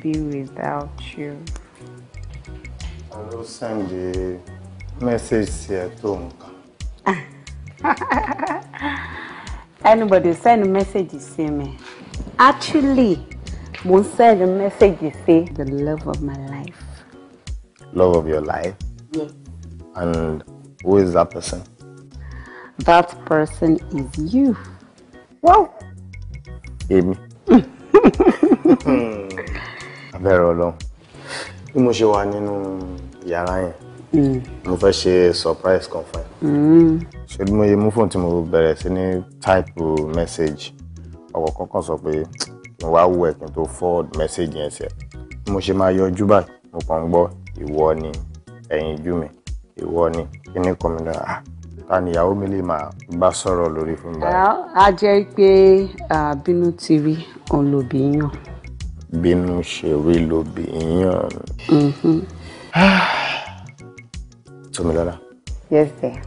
be without you. I will send the message here to Anybody send message to me. Actually, will send a message to say the love of my life. Love of your life? Yes. And who is that person? That person is you. Wow. Amy. abẹ́rẹ́ ọlọ́run bí mo ṣe wà nínú yàrá yẹn hmm. mo fẹ́ ṣe surprise kan fún ẹ hmm. ṣé bí mo yẹ mú fóun tí mo bẹ̀rẹ̀ sí ní táìpù mẹ́sẹ̀gì ọkọ̀ kankan sọ pé mo wá wọ ẹ̀kún tó forward mẹ́sẹ̀gì yẹn sí ẹ bí mo ṣe máa yọjú báyìí mo kàn ń gbọ́ ìwọ ni ẹ̀yìn ijú mi ìwọ ni kíní kan mi náà ah, ta ni ìyàwó mi lè máa bá sọ̀rọ̀ lórí fún mi. a jẹ́ pé àbínú ti rí òun lòbí yàn bínú ṣe rí lóbi ìyàn. Mm-hmm. Tomilola. Yes, dear.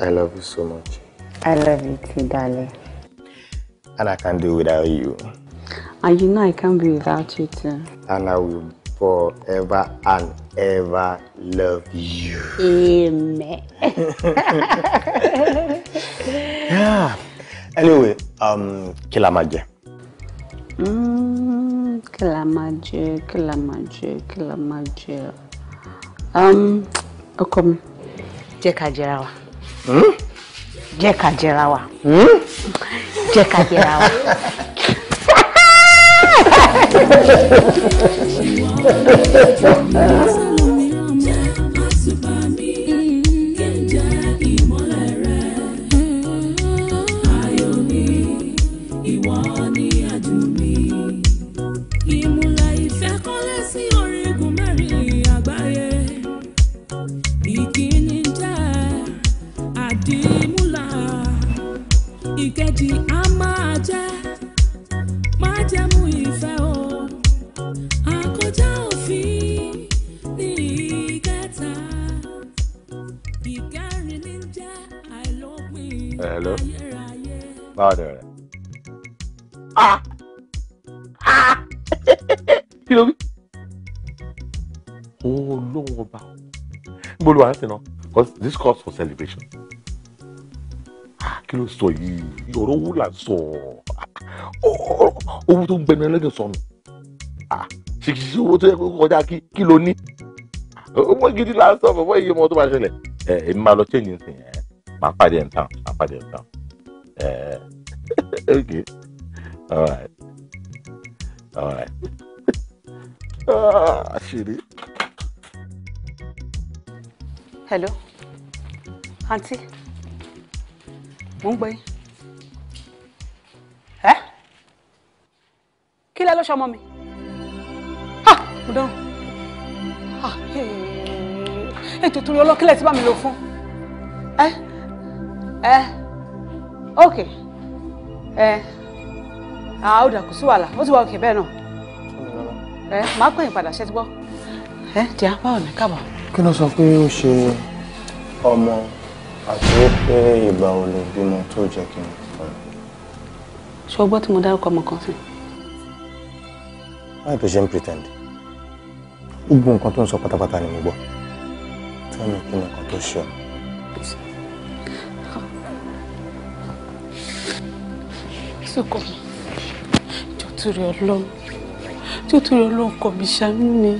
I love you so much. I love you too, darling. And I can't do without you. And you know I can't be without you too. And I will forever and ever love you. Amen. yeah. Anyway, um, kí la máa jẹ. Mm, kí la máa jẹ kí la máa jẹ kí la máa jẹ um, ọkọ mi jẹ́ ká jẹra wa hmm? jẹ́ ká jẹra wa hmm? jẹ́ ká jẹra wa. Ha ha ha! ìkejì á máa jẹ́ májẹ̀mú ìfẹ́ o àkójá òfin ní ìkẹta ìkẹrin ní jẹ́ báwo rẹ. kí ló wí. òun olóhùn ọba gbólóhùn àti náà because this calls for celebration kí ló sọ yìí ọ̀rọ̀ owó là ń sọ owó tó ń gbẹnu ẹlẹ́gìn sọnù ṣìṣìṣì owó tó yẹ kó kọjá kí ló ní owó gidi là ń sọ fọwọ́ iye ọmọ tó bá ṣẹlẹ̀ ẹ èmi máa lọ change nsìn ẹ máa pàdé ẹ̀ ń máa pàdé ẹ̀ ń ẹ ok alright ah, hello aunty mo ń gbé yín ẹ kí lẹ ló ṣọmọ mi ha mo dáràn ha ètò torí ọlọ́kílẹ̀ tí bá mi lò fún ẹ ẹ ok ẹ àwọn ọ̀dà kò sí wàhálà ó ti wà òkè bẹ́ẹ̀ náà ẹ máa pè yín padà ṣe ti gbọ́ ẹ díẹ̀ báwo ni káàbọ̀. kí ló sọ pé ó ṣe ọmọ àti wípé ìgbà wo ló bímọ tó jẹ́ kí n fọ́ ṣé o gbọ́ tí mo dárúkọ ọmọ kan sí. báyìí tó ṣe ń pretend gbogbo nǹkan tó ń sọ pátápátá ni mo gbọ́ tell me kí ni nǹkan tó ṣe ọ. sọkọ mi jọ̀ọ́ torí Ọlọ́run jọ̀ọ́ torí Ọlọ́run kọ mi ṣàánú ni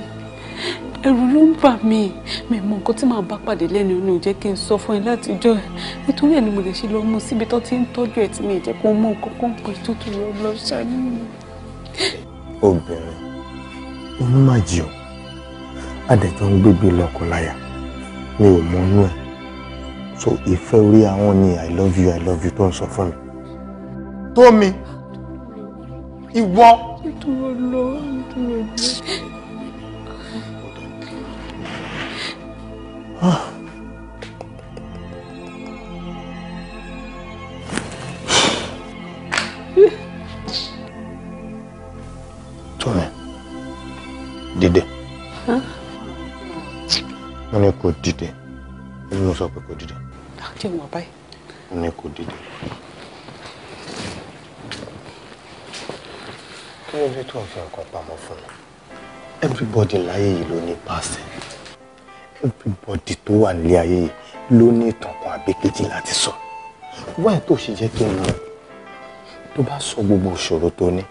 ẹ̀rù ló ń bà mí mi mọ nǹkan tí màá bá pàdé lẹ́nu inú jẹ́ kí n sọ fún ẹ látijọ́ ẹ nítorí ẹ̀ ni mo lè ṣe lọ síbi tó ti ń tọ́jú ẹ̀ tí mi jẹ́ kó mọ nǹkan kan pé tó tún lọ lọ ṣáájú obìnrin inú máa jì ọ́ adẹ̀jọ́ ń gbégbé lọ́kọláya mi ò mọ ẹ̀ so ìfẹ́ orí àwọn ni i love you i love you tó ń sọ fún mi. tómi ìwọ. nítorí ọlọ́run nítorí ọjọ́. ní kò dìde èmi mo sọ pé kò dìde. dákẹ́ wọn báyìí. mo ní kò dìde. kí ló dé tó ń fi nǹkan pamọ́ fún mi everybody láyé yìí ló ní pàṣẹ everybody tó wà nílé ayé yìí ló ní ìtàn kan àbí kejì láti sọ wáyé tó ṣe jẹ́ kí n mọ̀ tó bá sọ gbogbo ìṣòro tó ní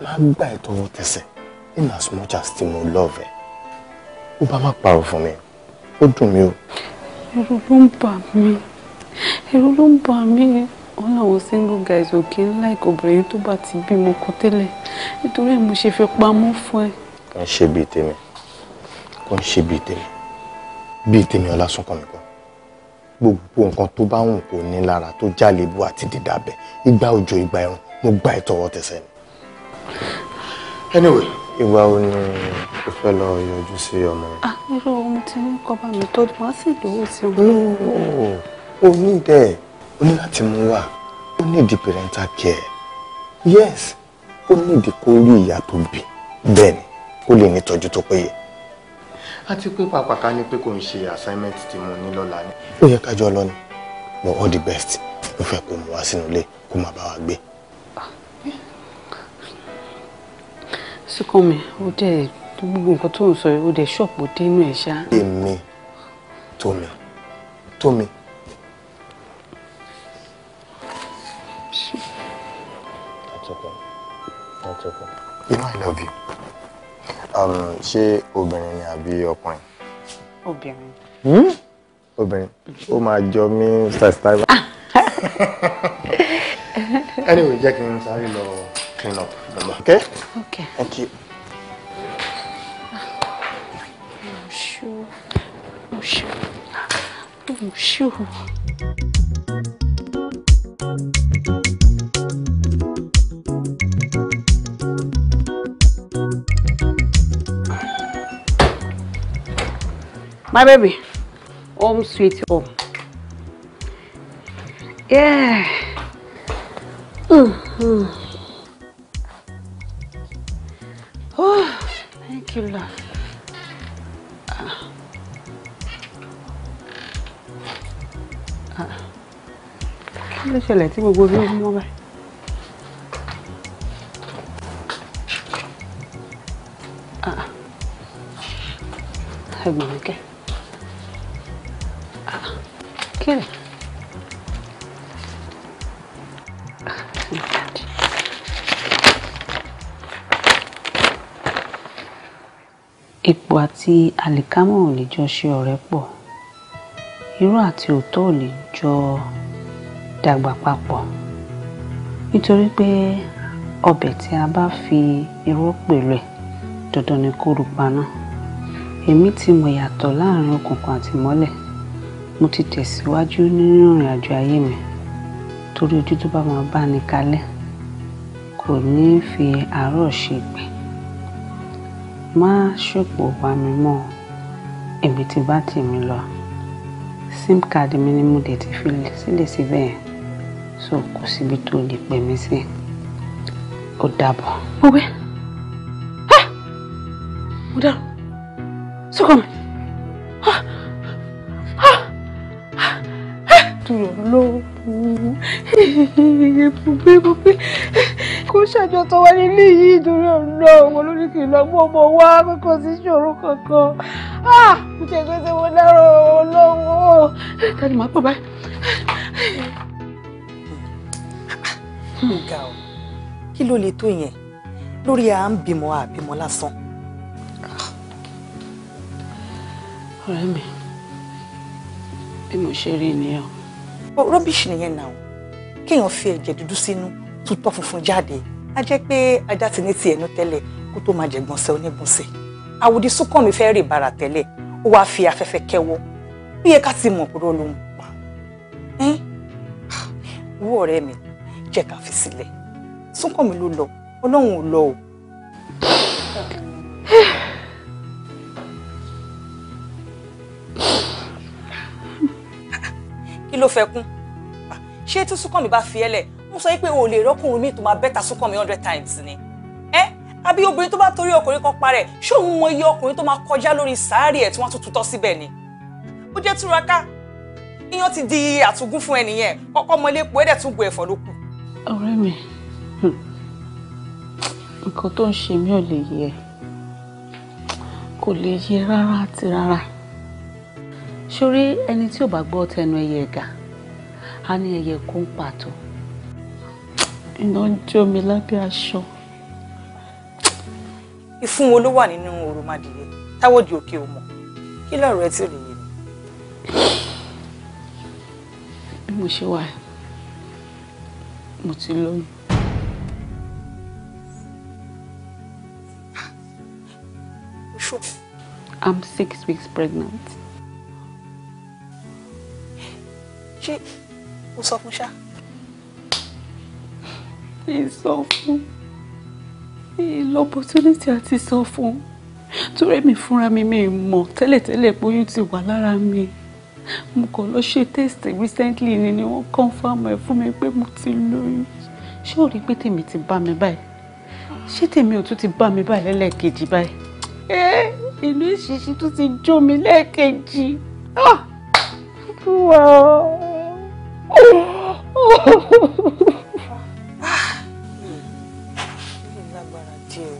máa gbà ẹ̀ tọwọ́ tẹsẹ̀ in as much as ti mo love ẹ̀ ó bá má parọ́ fún mi ó dùn mí o. ẹ̀rù ló ń bà mí ẹ̀rù ló ń bà mí wọn làwọn single guys ò kí ń láìkò obìnrin tó bá ti bímọ kan tẹ́lẹ̀ nítorí ẹ̀ mo ṣe fi pamọ́ fún ẹ. kò ń ṣe bíi tèmi kò ń ṣe bíi tèmi bíi tèmi ọlásùnkànmí kan gbogbo nǹkan tó bá wù kó ní lára tó jálèbú àti dídàbẹ ìgbà òjò ìgbà ẹ̀rùn mo gba ìtọwọ́ tẹsẹ̀ ni. anyway ìgbà wo ni o fẹ́ lọ yọjú sí ọmọ rẹ. Ah, irú ohun tí ń kọ́ bá mi tó wọ́n sì lówó sí wọn. o ní ìdẹ́ o ní láti mú wá o ní ìdí parental care yes o ní ìdí kó rí ìyá tó bí bẹ́ẹ̀ ni kó lè ní ìtọ́jú tó péye. àti pé pàápàá ká ní pé kò ń ṣe assignment tí mo ní lọ́la ni. ó yẹ ká lọ ni but all the best ló fẹ́ kó mú wá sínú ilé kó má bá wa gbé. Súnkànmí ó dẹ̀ gbogbo nǹkan tó ń sọ ó dẹ̀ ṣọ́ọ̀pù dénú ẹ̀ ṣá. èmi tómi tómi. You know I love you. Um, ṣé obìnrin ni àbí ọkùnrin? Obìnrin. Hmm? Obìnrin. Ó máa jọ mí style style. Anyway, jẹ́ kí n sáré lọ clean up, Mama. Okay? Okay. Thank you. Mushu. Mushu. Mushu. My baby, home sweet home. Yeah. Mm-hmm. ṣẹlẹ̀ tí gbogbo bí ó mú ọ báyìí. Ah, ah. ẹ̀gbọ́n mi kẹ́ ah, kí ni. epo àti àlìkámọ̀ ò lè jọ ṣe ọ̀rẹ́ pọ̀ irọ́ àti òótọ́ ò lè jọ. Jo dàgbà papọ̀ nítorí pé ọbẹ̀ tí a bá fi irú pèlú ẹ̀ dandan ni kó rú paná èmi ti mọ̀ yàtọ̀ láàrin òkùnkùn àti mọ́lẹ̀ mo ti tẹ̀síwájú nínú ìrìn àjò ayé mi torí ojú tó bá máa bá ní kalẹ̀ kò ní fi àárọ̀ ṣe gbẹ̀ má ṣòpò wá mi mọ́ èmi ti bá tèmi lọ sim card mi ni mo dé ti fi sílẹ̀ síbẹ̀ yẹn so kò síbi tó lè pè mí sí ó dàbọ̀. òwe mo dárò sọkọ mi dùn lóhùn pupé pupé kó ṣàjọ tó wá nílé yìí dùn lóhùn olórí kì í lọ mú ọmọ wá kókó sí ṣòro kankan ah mo jẹ pé ṣe mo dárò lóhùn. tani màá pọ̀ báyìí. mo ga ọ kí ló lè tó yẹn lórí à ń bímọ àbímọ lásán. Ah. ọ̀rẹ́ mi bí mo ṣe rí nìyẹn. rọ́bìṣì nìyẹn náà kéèyàn fi ẹ̀jẹ̀ dúdú sínú tutọ́ funfun jáde a jẹ́ pé ajá ti ní tiẹ̀ nú tẹ́lẹ̀ kó tó máa jẹ̀gbọ̀nsẹ̀ onígbọ̀nsẹ̀ àwòdì súnkànmí fẹ́ rè bàrà tẹ́lẹ̀ ó wáá fi afẹ́fẹ́ kẹ́wọ́ bí yẹ ká ti mọ̀ kúrò ló ah. wú ọ̀rẹ́ mi jẹ́ ká fi sílẹ̀ Súnkànmí ló lọ Ọlọ́run ò lọ o. kí ló fẹ́ kún ṣé tí Súnkànmí bá fi ẹ́ lẹ̀ mo sọ pé o lè rọ́kùnrin mi tó máa bẹ́ta Súnkànmí hundred times ni ẹ́ àbí obìnrin tó bá torí ọkùnrin kan parẹ́ ṣé òun mọ iye ọkùnrin tó máa kọjá lórí sàárì ẹ̀ tí wọ́n tún tutọ́ síbẹ̀ ni ó jẹ́ túraká iyán ti di àtúgún fún ẹnìyẹn kọ́kọ́ mọ ilé epo tún bu ẹ̀fọ́ ló kù ọ̀rẹ́ mi hmm. nǹkan tó ń ṣe mí ò lè yé ẹ kò lè yé rárá àti rárá sórí ẹni tí ò bá gbọ́ tẹnu ẹyẹ ẹ̀gà á ní ẹyẹ kó ń pàtó iná ń jó mi lábẹ́ aṣọ. ìfun wo ló wà nínú òròmọdìyẹ táwọn di òkè òmò kí lọ́rọ̀ ẹ tí ò bí mo ṣe wà yìí mo ti lóyún. I'm six weeks pregnant. Ṣé o sọ fún ṣá? Ẹ sọ fún. Ẹ lọ opportunity àti sọ fún. Torí mi fúnra mi mi mọ̀ tẹ́lẹ̀tẹ́lẹ̀ pé oyún ti wà lára mi mo kàn lọ ṣe test recently ni ni wọ́n confam ẹ̀ fún mi pé mo ti lóyún ṣé ò rí pé tèmi ti bá mi báyìí ṣé tèmi ò tún ti bá mi báyìí lẹ́lẹ́kejì báyìí ìlú ìṣiṣi tún ti jó mi lẹ́ẹ̀kejì ah! wà ó. Ah! Ah! ilé lágbára díẹ̀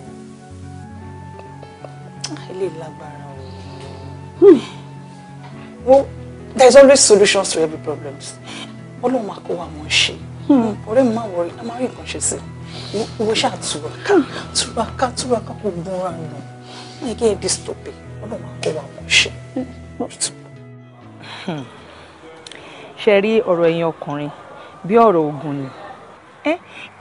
o ilé lágbára o. Hmm there's always solutions to every problems ọlọ́run máa kó wa mọ̀ ṣe hmm. ọ̀rẹ́ mi máa wọrí a máa rí nǹkan ṣe sí owó ṣáà túraká túraká túraká kò gbọ́nra nù máa gé ẹbí stọpẹ ọlọ́run máa kó wa mọ̀ ṣe. Hmm. ṣe rí ọ̀rọ̀ ẹ̀yin ọkùnrin bí ọ̀rọ̀ ogun ni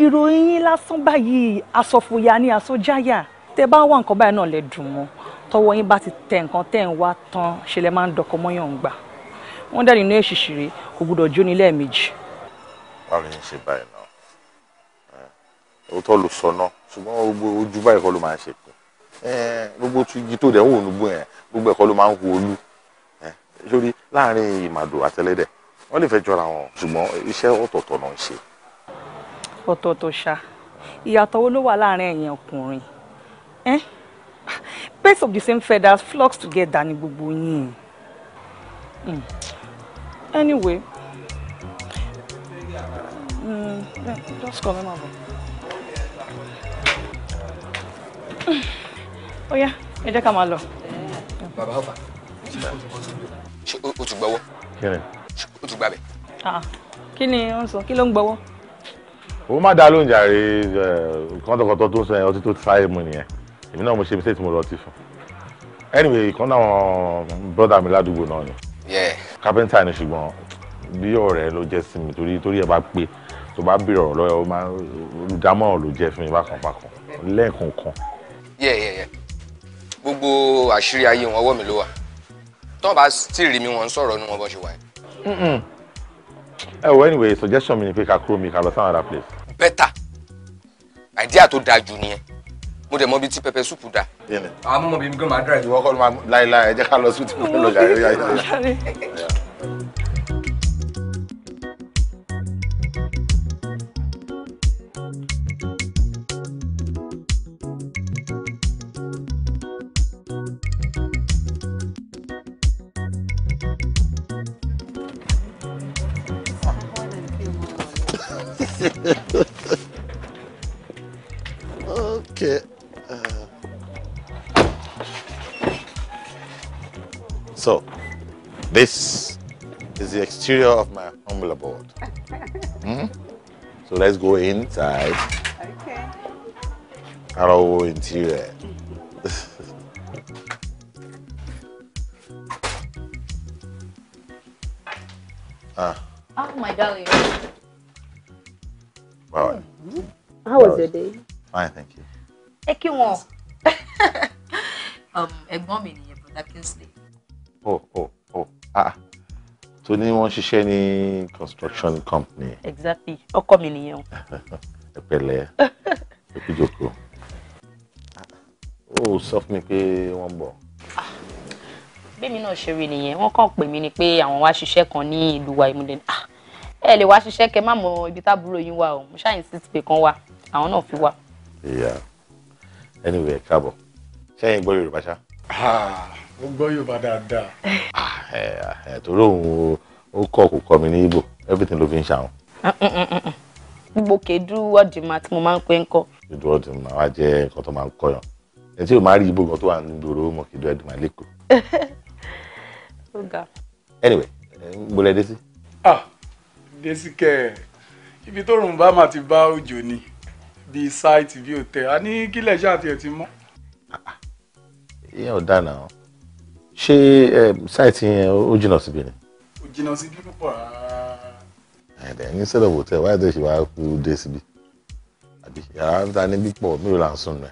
ìròyìn yín lásán báyìí asọ̀fòyà ni asọ̀jáyà tẹ bá wà nǹkan báyìí náà lẹ dùn mọ́ tọwọ́ yín bá ti tẹ nǹkan tẹ̀ ń wá tán ṣe lẹ máa ń dọkọ mọ́yàn gbà wọ́n dẹ̀ nínú èṣìṣìrì kò gbúdọ̀ jó ní lẹ́ẹ̀mejì. báwo ni ṣe báyìí náà òótọ́ ló sọ náà ṣùgbọ́n gbogbo ojú báyìí kọ́ ló máa ń ṣe pé gbogbo igi tó dẹ̀ ń wò nígbò yẹn gbogbo ẹ̀kọ́ ló máa ń wo olú lórí láàrin ìmàdò àtẹlẹ́dẹ̀ wọ́n lè fẹ́ jọra wọn ṣùgbọ́n iṣẹ́ ọ̀tọ̀ọ̀tọ̀ náà ń ṣe. ọ̀tọ̀ọ̀tọ̀ ṣá ìyàtọ̀ wo ló wà láàrin ẹ̀yin ọkùnrin birds of the same feathers flocks together ni gbogbo yín. Hmm anyway mm, just come ma bọ̀. ó yá ẹ jẹ́ ká máa lọ. bàbá ọ̀fà ṣé o ti kini ṣé o ti gbàbẹ̀. Ah, kí ni ó ń sọ kí ló ń gbọ́wọ́. o má dá lóúnjẹ àrè kọ́ńtọ̀kọ́tọ̀ tó ń sọ yẹn ọtí tó ti fáyé mu nìyẹn èmi náà mo ṣe mo lọ ti anyway ìkan brother mi ládùúgbò náà ni. yeah kápẹ́ńtà ni ṣùgbọ́n bí ọ̀rẹ́ ló jẹ́ sí mi torí torí ẹ bá pé tó bá bèrè ọ̀rọ̀ lọ́yọ̀ ó máa olùdámọ̀ràn ló jẹ́ fún mi bákan bákan lẹ́ẹ̀kọ̀ọ̀kan. yẹ yẹ yẹ gbogbo àṣírí ayé wọn ọwọ́ mi ló wà tọ́ bá sì rí mi wọn ń sọ̀rọ̀ inú wọn bó ṣe wà ẹ wọ anyway suggestion mi ni pé ká kúrò mi ká lọ sáwọn other place. better idea tó dáa jù nìyẹn mo dẹ̀ mọ bí tí pẹpẹ súpù dà. àwọn ọmọ bíi mi gan máa ìwọ kọ́ ló máa láéláé ẹ jẹ́ ká lọ sútì kúrò lọ́jà rẹ̀ yáyà. This is the exterior of my humble abode. -hmm. So let's go inside. Okay. Our whole interior. ah. Oh my darling. Wow. How was your day? Fine, thank you. Thank you. tó ní wọ́n ṣiṣẹ́ ní construction company. exactly ọkọ mi nìyẹn. ẹ pẹ̀lẹ́ ìpíjoko ó sọ fún mi pé wọ́n ń bọ̀. bẹ́ẹ̀ mi náà ṣe rí nìyẹn wọ́n kàn pè mí ni pé àwọn wá ṣiṣẹ́ kan ní ìlú wa ìmúlẹ̀ ah, ẹ lè wá ṣiṣẹ́ kẹ má mọ ibi táàbúrò yín wà o mo ṣáà insist pé kan wà àwọn náà fi wà. anyway káàbọ̀ ṣẹ́yìn gbọ́ yorùbá ṣá. Ah ó gbọ́ yorùbá dáadáa. Ah, torí òun ó kọ́ kò kọ́ mi ní Igbo everything ló fi ń ṣàwọn. gbogbo kedu ọ̀dìmọ̀ tí mo máa ń pè ń kọ́. kedu ọ̀dìmọ̀ wa jẹ́ nǹkan tó máa ń kọ́yàn ẹ tí o máa rí Igbo kan tó wà ní gbòòrò mọ̀ kedu ọ̀dìmọ̀ lẹ́kọ̀ọ́. anyway mo lẹ dé ah desi sí kẹ ibi tó rùn bá máa ti bá òjò ni bíi sáìtì bíi òtẹ a ní kílẹ̀ ṣáà tiẹ̀ ti mọ́. Ah, ah. ìyẹn ò dáa náà ṣé eh, site yẹn ó jìnnà síbi ni. ó jìnnà síbi púpọ̀ rárá. ẹ̀ẹ́dẹ̀ ní sẹ́dọ̀ wò tẹ̀ wáyé tó ṣe wá kú dé síbi àbí yàrá ń ta níbí pọ̀ mí ò là ń sùn rẹ̀.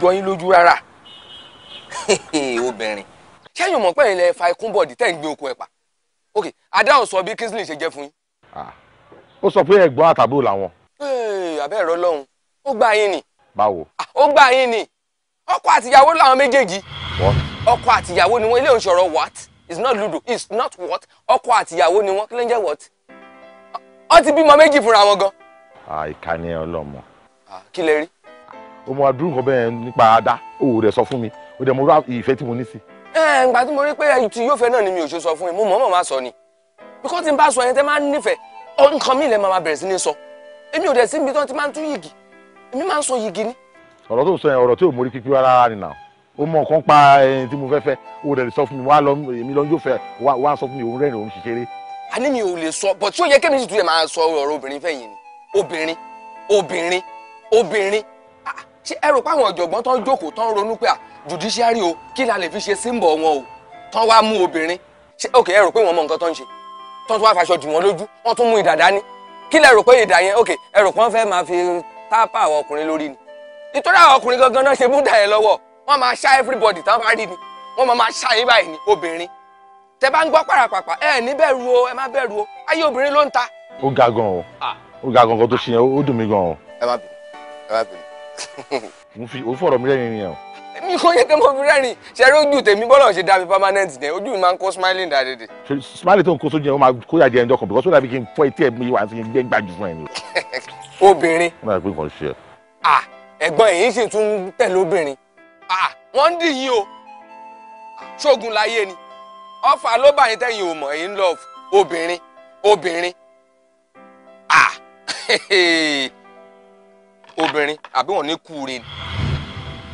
jọ yín lójú rárá obìnrin ṣẹ́yìn mọ̀ pé ilẹ̀ fa ikún bọ̀dì tẹ́ ń gbé oko ẹ̀pà ok adáhùn sọ bí Kingsley ṣe jẹ́ fún yín. ó sọ pé ẹ̀gbọ́n àtàbúrò làwọn. àbẹ́ ẹ̀rọ lọ́hùn ó gbà yín ni. báwo. ó gbà yín ni ọkọ àtìyàwó làwọn méjèèjì. ọkọ àtìyàwó ni wọn ilé òǹṣọ̀rọ̀ what Is not ludo Is not what ọkọ àtìyàwó ni wọn kí ló ń jẹ́ what. ó ti bímọ méjì fúnra wọn gan. àìkànnì ọlọmọ. kí lè rí o mọ adúrú nǹkan bẹ́ẹ̀ nípa ada o rẹ̀ sọ fún mi o dẹ̀ mo rà ìfẹ́ tí mo ní sí. ẹ ǹgbà tí mo rí pé ètò yóò fẹ́ náà ni mi ò ṣe sọ fún yín mo mọ̀ọ́mọ̀ máa sọ ni bíkọ́ tí n bá sọ yẹn tẹ́ máa ń nífẹ̀ẹ́ nǹkan mi ilẹ̀ máa bẹ̀rẹ̀ sí ní sọ èmi ò dẹ̀ sí ibi tí ti máa ń tú yìgì èmi máa ń sọ yìgì ni. ọ̀rọ̀ tó sọ yẹn ọ̀rọ̀ tí ò mórí pípé rárá ni nà ó mọ nǹkan pa ẹni tí mo fẹ́ fẹ́ o dẹ̀ sọ fún mi wá lọ èmi lọ yóò fẹ́ wá sọ fún mi òun rẹ́rìn òun ṣiṣẹ́ àní mi ò lè sọ bọ̀ tí ó yẹ kémi sì tún lè máa sọ ọ̀rọ̀ obìnrin fẹ̀yìn ni obìnrin obìnrin obìnrin ṣé ẹ rò páwọn ọ̀jọ̀gbọ́n tán jókòó tán ronú pé à judiciary o kí la lè fi ṣe símbọ̀ wọn o tán wá mú obìnrin ṣé ok ẹ rò pé wọ́n mọ nǹkan tán ń ṣe tán tún wá faṣọ jù wọ́n lójú wọ́n tún mú ìdà dání kí lẹ rò pé ìdà yẹn ok ẹ rò pé wọ́n fẹ́ máa fi tápà àwọn ọkùnrin lórí ni nítorí àwọn ọkùnrin gangan náà ṣe mú dà yẹn lọ́wọ́ wọ́n máa ṣá everybody tán bá rí ni wọ́n máa máa ṣá yín báyìí ni obìnrin tẹ bá ń gbọ́ pàràpàpà ẹ ní bẹ̀rù o ẹ má bẹ̀rù o ayé obìnrin ló ń ta. ó ga gan o ó ga gan kan tó ṣe yẹn ó dùn mí gan o. ẹ má bínú ẹ má bínú o fọ̀rọ̀ mi rẹ́rìn ni ẹ̀ o. mi kò yẹ kí mo fi rẹ́rìn ṣe eré ojú tèmi bọ́lá ṣe dàbí permanent yẹn ojú mi máa ń kó smiling dáadéde. smiling tó ń kó sójú yẹn ó máa kó yàjẹ ẹjọ́ kan because ó dàbí kí n fọ etí ẹ̀ mi wà sí gbẹ́ gbàjú fún ẹ ni. obìnrin. ó dàbí pé nǹkan ṣe ẹ. à ẹ̀gbọ́n èyí ṣe tún ń tẹ̀lé obìnrin. à wọ́n ń dì yín o ṣógun láyé ni ọ̀fà ló bá yín tẹ̀yìn ò mọ̀ èyí obìnrin obìnrin. à obìnrin àbí wọn ní kú rè.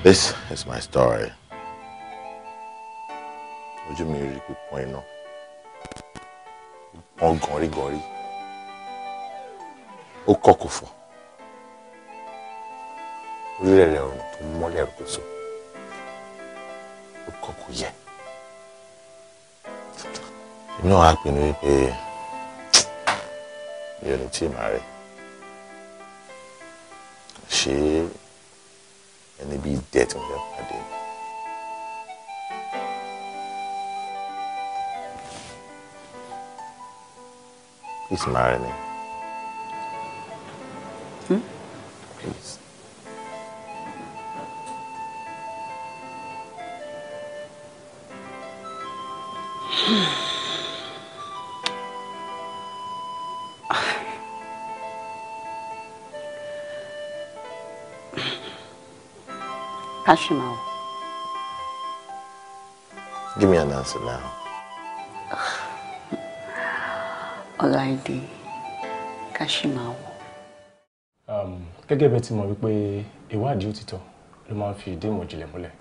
This is my story. ojú mi rí pípọ́n iná wọ́n gànrígànrí ó kọ́kọ́ fọ́ orílẹ̀ rẹ̀ ọ̀run tó mọ́lẹ̀ rúkúsọ ó kọ́kọ́ yẹ inú àpinnu wípé mi ò ní tí ì máa rẹ̀. ṣé ẹni bíi díẹ̀ tí mo fẹ́ pàdé Please marry me. Hmm? Please. Hmm. Kashima. Give me an answer now. Ọláìdé Kashimawo. Um, gẹ́gẹ́ bẹ́ẹ̀ ti mo wípé ìwádìí òtítọ́ ló máa ń fi ìdí ìmọ̀ ìjìnlẹ̀ múlẹ̀.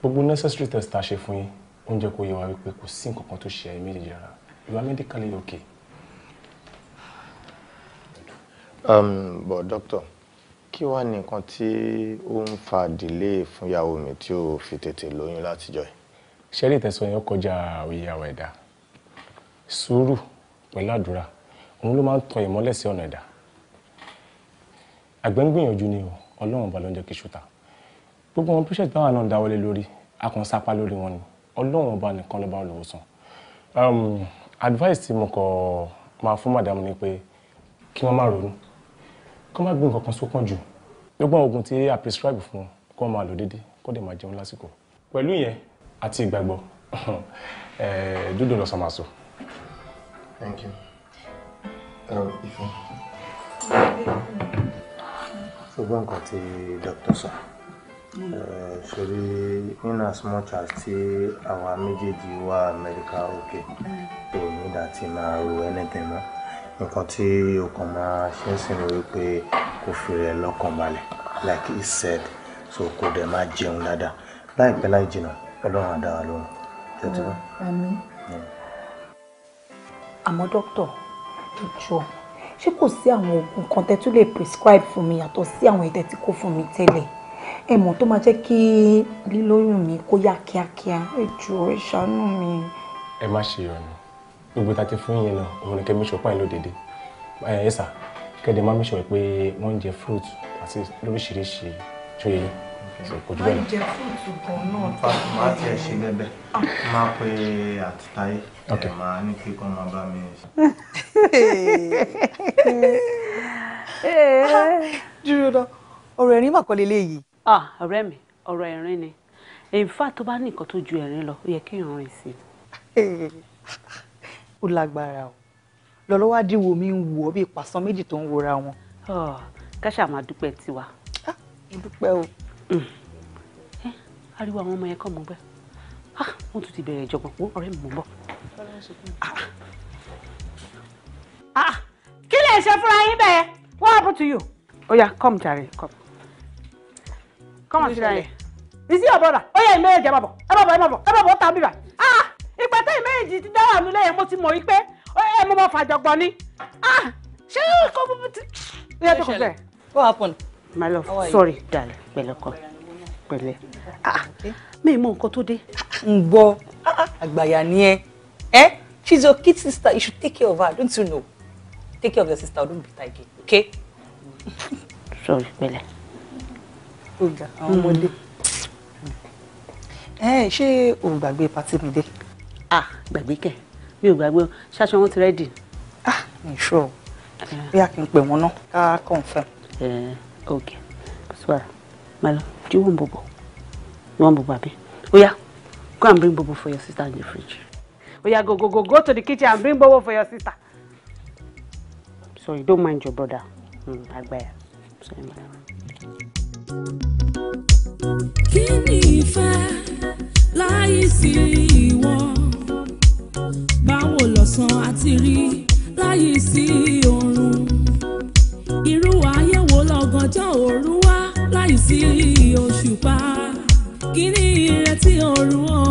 Gbogbo necessary test tá a ṣe fún yín, ó ń jẹ́ kó wípé kò sí nǹkan tó ṣe ẹ̀mí lè jẹ́ra. You are medically okay. Um, but doctor, kí wàá ní nǹkan tí ó ń fa delay fúnyàwó mi tí ó fi tètè lóyún látijọ́ yìí. ṣẹ́rí ìtẹ̀sán yẹn kọjá òye àwọn ẹ̀dá sùúrù pẹ̀lú àdúrà òun ló máa ń tọ ìmọ́lẹ̀ sí ọ̀nà ẹ̀dá àgbẹ̀ ń gbìyànjú ni o ọlọ́run ọba ló kí ṣùtà gbogbo àwọn píṣẹ́tì báwa náà dáwọ́lé lórí a kàn sápá lórí wọn ni ọlọ́run ọba nìkan ló olùwòsàn um, advice tí mo kọ máa fún madam ni pé kí kó má gbé nǹkan kan sókàn jù lọ́gbọ́n oògùn tí a prescribe fún wọn kó máa lò déédéé kó dẹ̀ máa jẹun lásìkò pẹ̀lú yẹn àti ìgbàgbọ́ eh, dúdú lọ́sàn máa sọ. thank you ìfún um, ṣùgbọ́n nǹkan tí dr sọ eh, ṣòrí in as much as tí àwa méjèèjì wà medical okay èyí dàtí máa ro anything mọ́. No? nǹkan tí o kàn máa ṣe ń sìn ni wípé kò fi rẹ̀ lọ́kàn balẹ̀ like he said so kò dẹ̀ máa jẹun dáadáa láìpẹ́ láì jìnnà ọlọ́run á dá wa lóhùn. àmín hmm. àmọ́ dókítà ìjọ ṣé kò sí àwọn oògùn kan tẹ́ tún lè prescribe fún mi yàtọ̀ sí àwọn ètè tí kò fún mi tẹ́lẹ̀ ẹ mọ̀ tó máa jẹ́ kí lílóyún mi kó yá kíákíá ẹ jọ̀ọ́ ẹ ṣàánú mi. ẹ má ṣe ọ̀nà gbogbo tá a ti fún yín náà òun ni kẹ́ mí sọpá yín ló dédé ẹ sà kẹ́dẹ̀ má mí sọ pé wọ́n ń jẹ fruit àti lóríṣiríṣi ṣóyè yín kò jù bẹ́ẹ̀ lọ. wọ́n jẹ fruit gan náà. fa máa ti ẹ̀ ṣe bẹ́ẹ̀ ah. máa pe àtìtáyé ẹ̀ eh, máa ní pé kó máa bá mi. dúró lọ ọ̀rọ̀ ẹ̀rín màkọ́ lélẹ́yìí. Ah, ọ̀rẹ́ mi ọ̀rọ̀ ẹ̀rín ni èyí tó bá ní nǹkan tó ju ẹ̀rín lọ ó yẹ kí ìrìn sí i ó lágbára o lọ́lọ́wá díwo mi ń wò ó bíi pàṣán méjì tó ń wora wọn. káṣá máa dúpẹ́ tiwa. Ah, mo dúpẹ́ o. Mm. ariwo àwọn ọmọ yẹn kọ́ mọ́ bẹ́ẹ̀ ah, wọ́n tún ti bẹ̀rẹ̀ ìjọ̀gbọ̀n pọ̀ ọ̀rẹ́ mi mọ̀ bọ̀. Ah, kí lè ṣe fúnra yín bẹ́ẹ̀ what happened to you. ó come jàre come come on síra yẹn. is he your brother? ó yá ìmẹ́rẹ̀jẹ̀ ẹ má bọ̀ ẹ má bọ̀ ẹ má bọ̀ ẹ méjèèjì ti dáwà mi lẹ́yìn mo ti mọ̀ wípé ẹ mo mọ fàjọgbọ́n ni ah, ṣé kò mú ti. ilé tó kọ bẹ́ẹ̀. what happened. my love sorry darling pẹ̀lẹ́ kọ pẹ̀lẹ́ ah, mi mọ nǹkan tó dé. ń gbọ́ ah, àgbàyà ni ẹ ẹ eh? she's your kid sister you should take care of her don't you know take care of your sister don't be tight again. okay. sorry pẹ̀lẹ́. ọ̀gá àwọn ọmọdé ẹ mm. eh, ṣé òun gbàgbé pátí mi dé ah gbàgbé kẹ mi ò gbàgbé ṣáṣọ wọn ti rẹ́dì. ah ìṣó bí a kì í pè wọn náà ká confirm. ẹ ẹ ok sọra malo do you want bobo you want bobo abi oya go and bring bobo for your sister in the fridge oya go go go go to the kitchen and bring bobo for your sister so you don't mind your brother agbaya mm, sorry madam. kí ni ìfẹ́ láì sí ìwọ báwo lọ̀sán àti rí láyé sí oorun irú ayé wo lọ́gànjọ́ òru wá láì sí òṣùpá kí ni òru o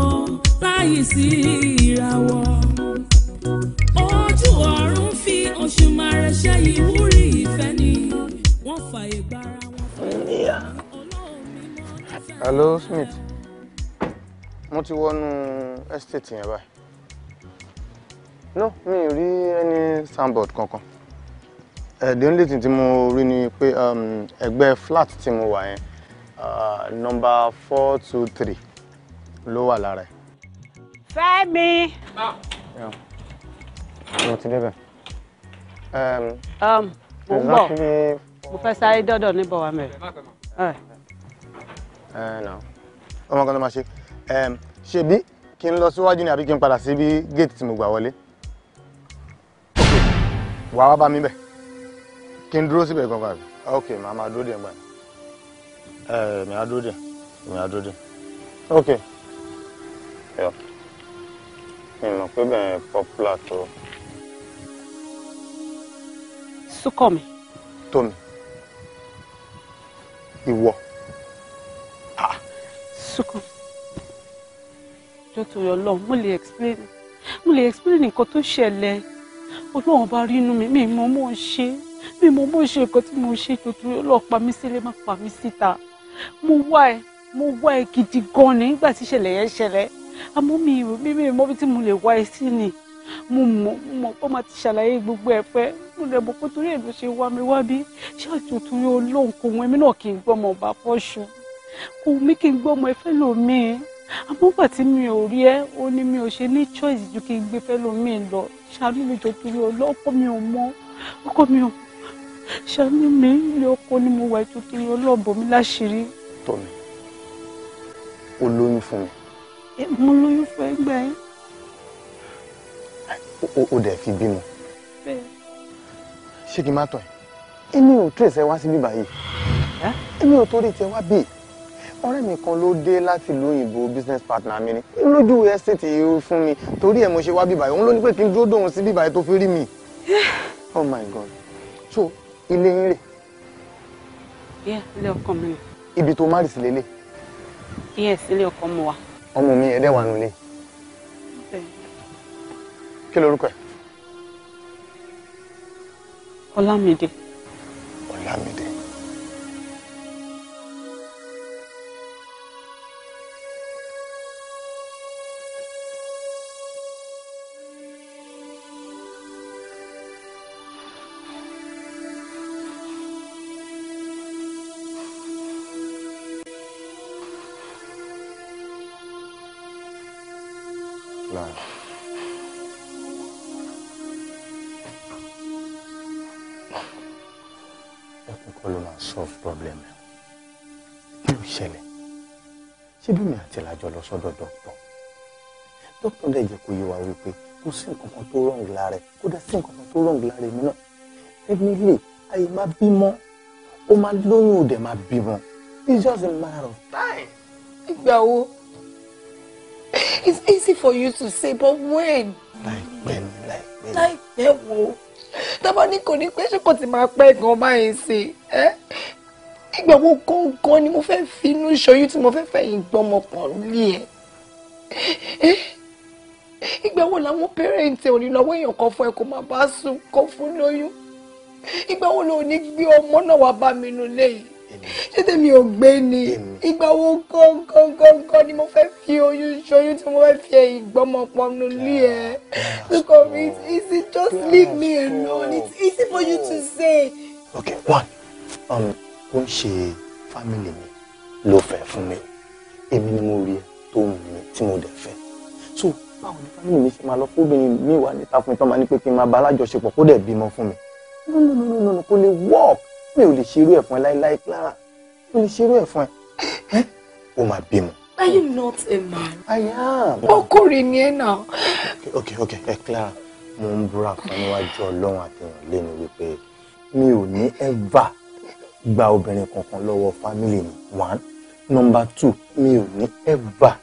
láì sí ìràwọ̀ ojú ọ̀run fi oṣù máa rẹṣẹ́ ìwúrí ìfẹ́ ni wọ́n fààyè gbára wọn hello smith mo ti wọnú estate yẹn báyìí no mi ò rí any soundboard kankan uh, the only thing tí mo rí ni pé um, ẹgbẹ́ flat tí mo wà yẹn uh, nọ́mbà four two three ló wà lára ẹ̀. Fẹ́mi. Ah. mo ti débẹ̀. Um, um, mo ń bọ̀ mo fẹ́ sáré dọ́dọ̀ níbọ̀ wa mẹ́rin. Eh, ọmọ kan ló máa ṣe ṣebí kí n lọ síwájú ni àbí kí n padà sí bí géètì tí mo gbà wọlé wà wá bá mi bẹ̀ kí n dúró síbẹ̀ gangan àbí ok màá máa dúró díẹ̀ gbà ẹ mi á dúró díẹ̀ mi á dúró díẹ̀ ok ẹ ìmọ̀ pé bẹ́ẹ̀ popular tó. sukọ mi. tómi ìwọ. sukọ jọ́tò yọ lọ mo lè explain mo lè explain nǹkan tó ṣẹlẹ̀ ọlọ́run bá rí inú mi mi mọ́ mọ́ ṣe mi mọ́ mọ́ ṣe nǹkan tí mo ṣe tuntun ọlọ́pàá mi sílẹ̀ má pa mí síta mo wá ẹ mo wá ẹ gidi gan ni nígbà tí ìṣẹ̀lẹ̀ yẹn ṣẹlẹ̀ àmọ́ mi ìrò mi mi mọ́ bí tí mo lè wá ẹ sí ni mo mọ̀ mo mọ̀ pé màá ti ṣàlàyé gbogbo ẹ̀ pẹ́ mo lè mọ̀ pé torí ẹ̀ ló ṣe wá mi wá bí ṣé àtúntò olóhùn kò wọn èmi náà kì í gbọ́ ọmọ ọba fọ́ṣù kò mí kì í gbọ́ ọmọ ẹ fẹ́ lòmíì àmọ́gbà tí mi ò rí ẹ ó ní mi ò ṣe ní choice ju kí n gbé fẹ́lómi lọ ṣàánú mi jọ torí ọlọ́kọ mi ò mọ ọkọ mi ò ṣàánú mi ilé ọkọ ni mo wà ètò torí ọlọ́ọ̀bọ mi láṣìírí. tọ́mi o lóyún fún mi. mo lóyún fún ẹgbẹ́ yín. o dẹ̀ fi bímọ. bẹ́ẹ̀. ṣé kí n má tọ̀ ẹ́ èmi ò tún ẹ̀sẹ̀ wá síbí báyìí èmi ò torí tẹ wá bíi ọ̀rẹ́ mi kan ló dé láti ìlú òyìnbó business partner mi ni lójú estate yìí fún mi torí ẹ̀ mo ṣe wá bíbáyìí òun ló ní pé kí n dúró dòun sí bíbáyìí tó fi rí mi oh my god so ilé yín rè. ilé ọkọ mi. ibi tó márì sí lélẹ̀. yes ilé ọkọ mi wà. ọmọ mi ẹ̀dẹ̀ wà nulẹ̀. kí lorúkọ ẹ̀. ọlámídé. ọlámídé. òun kọ́ solve problem ẹ̀ kí ló ṣẹlẹ̀ ṣé bí mi àti làjọ lọ sọ́dọ̀ dọ́kítọ̀ dọ́kítọ̀ dẹ̀ jẹ́ kó yé wa wípé kò sí nǹkan kan tó rọ̀ǹg lára ẹ̀ kódà sí nǹkan kan tó rọ̀ǹg lára èmi náà definitely ayé máa bímọ ó máa lóyún ó dẹ̀ máa bímọ it's just a matter of time. ìgbà wo it's easy for you to say but when. láìpẹ́ ni láìpẹ́ ni. láìpẹ́ wo tábà ní kò ní pẹ́ ṣé kò ti máa pẹ́ gan báyìí sí ẹ́ ìgbà wo gangan ni mo fẹ́ finú ṣoyún tí mo fẹ́ fẹ̀yìn gbọ́mọpọ̀ lé ẹ̀ ìgbà wo làwọn pẹ́rẹ́ǹtì ò ní lọ́wọ́ èèyàn kan fún ẹ kó máa bá sùn kó fún lóyún ìgbà wo ló ní gbé ọmọ náà wá bá mi nulẹ̀ yìí ṣé tèmi ò gbé ni ìgbà wo gángan ni mo fẹ́ fi oyún ṣoyún tí mo fẹ́ fi ẹ̀yìn gbọ́mọpọ̀ nù lé ẹ̀ because it's easy just leave me alone it's easy for you to say. okay one um, ó ń ṣe family, mi ló fẹ́ fún mi èmi ni mo rí ẹ tó wù mí tí mo dẹ̀ fẹ́ so báwo ni family mi ṣe máa lọ fóbìnrin mi wà níta fún mi tán máa ní pé kí n máa bá alájọṣepọ̀ kó dẹ̀ bímọ fún mi no no no no no kò lè work mi ò lè ṣerú ẹ̀ fún ẹ láíláí Clara mi ò lè ṣerú ẹ̀ fún ẹ ó máa bímọ. Are you not a man? I am. ọkùnrin ni ẹ náà. okay okay ẹ Clara mo ń búra kan níwájú Ọlọ́run àtẹ̀yàn lẹ́nu wípé mi ò ní ever gba obìnrin kankan lọ́wọ́ fámìlì mi one number two mi ò ní ever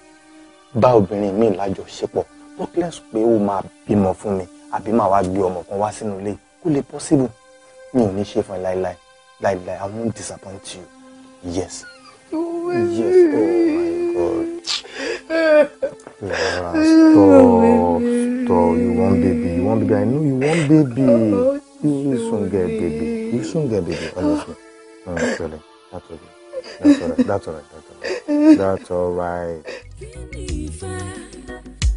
bá obìnrin mi lájọṣepọ̀ bọ́kílẹ̀ sọ pé ó máa bímọ fún mi àbí máa wá gbé ọmọ kan wá sínú ilé kó lè possible mi ò ní ṣe fún ẹ láéláé. Like, like I won't disappoint you. Yes. yes. Oh my God. Laura, stop. Stop. You want baby. You want baby. I know you want baby. Oh, you will soon get baby. You soon get baby. Honestly. No, that's really. That's okay. That's alright. That's alright. That's alright. That's alright.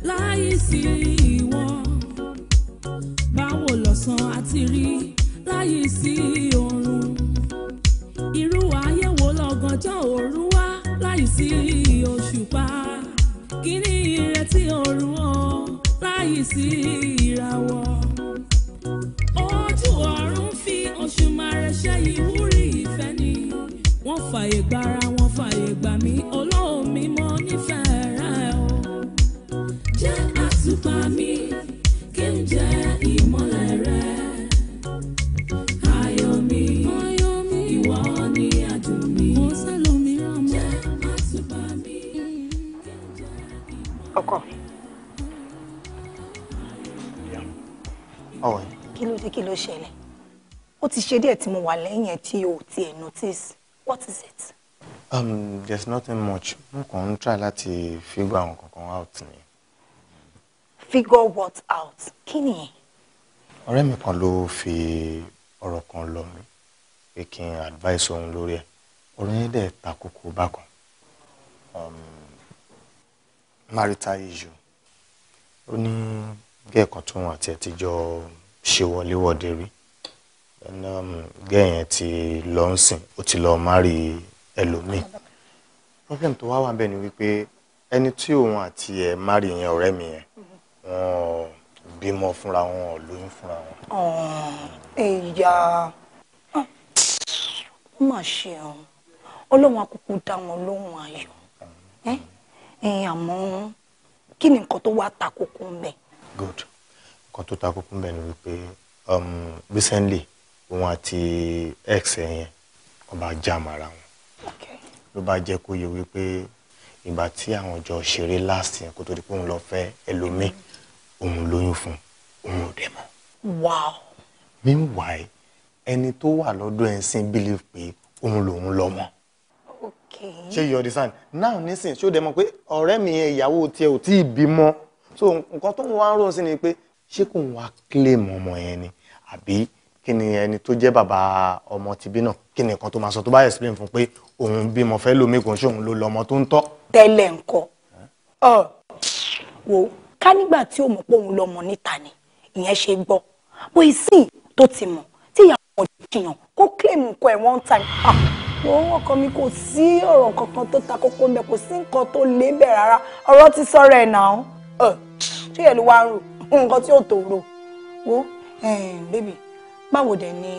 Láyé sí ìwọ̀n, báwo lọ̀sán àti rí láyé sí òun. sí òṣùpá kí ni ìrètí òru wọn láì sí ìràwọ̀. ṣe díẹ̀ tí mo wà lẹ́yìn ẹ̀ tí o tiẹ̀ notice what is it. Um, there's nothing much mo kàn ń try láti figure àwọn kankan out ni. figure what out kí ni. ọ̀rẹ́ mi kan ló fi ọ̀rọ̀ kan lọ mí pé kí n advice òun lórí ẹ̀ ọ̀rọ̀ yẹn dẹ̀ ta kókó bákan um, marital issue ó ní bí ẹ̀kan tóun àti ẹ̀ ti jọ ṣe wọléwọ̀de rí. Um, gẹ́yìn ti lọ ń sìn ó ti lọ márì ẹlòmíì problem tó wá wà bẹ́ẹ̀ ni wípé ẹni tí òun àti ẹ̀ márì yẹn ọ̀rẹ́ mi yẹn wọn bímọ fúnra wọn ò lóyún fúnra wọn. ẹ̀yà ó mà ṣe ọ́ ọlọ́run àkókò dá wọn lóhùn ayọ̀ ẹ̀yìn àmọ́ kí ni nǹkan tó wá takoko ń bẹ̀. good nǹkan tó takoko ń bẹ̀ ni wípé um, recently òun àti ex ẹ̀ yẹn wọ́n bá jam ara wọn ló bá jẹ́ kó yẹ wípé ìgbà tí àwọn jọ ṣeré last yẹn kó tó di pé òun lọ fẹ́ ẹlòmíì òun lóyún fún òun ò dẹ̀ mọ́. wow. meanwhile ẹni tó wà lọ́dọ̀ ẹ̀ ń sìn believe pé òun lòun lọ́mọ. okay. ṣé you understand now nísìnyí ṣó dẹ̀ mọ̀ pé ọ̀rẹ́ mi yẹn ìyàwó tiẹ̀ ò tí ì bímọ so nǹkan tó ń wá ń rò sí ni pé ṣé kò ń wá claim ọmọ yẹn ni àbí kí ni ẹni tó jẹ́ bàbá ọmọ tìbí náà kí ni nǹkan tó máa sọ tó bá explain fún pé òun bímọ fẹ́ lómi kò ń ṣe òun ló lọmọ tó ń tọ́. tẹ́lẹ̀ ńkọ́ ọ wo ká nígbà tí ò mọ̀ pé òun lọmọ níta ni ìyẹn ṣe gbọ́ bó ìsìn tó ti mọ̀ tí ìyàwó ọ̀dọ̀ kìyàn kó claim nǹkan ẹ̀ one time ah, wọ́n ọkọ mi kò sí ọ̀rọ̀ kankan tó ta kókó mẹ́ kò sí nǹkan tó lé bẹ̀ rárá ọ̀rọ̀ ti sọ̀rọ̀ ẹ̀ náà ṣé ẹ̀ ló wá ń rò nǹkan tí ò tó rò wo bébì báwo dẹ̀ ni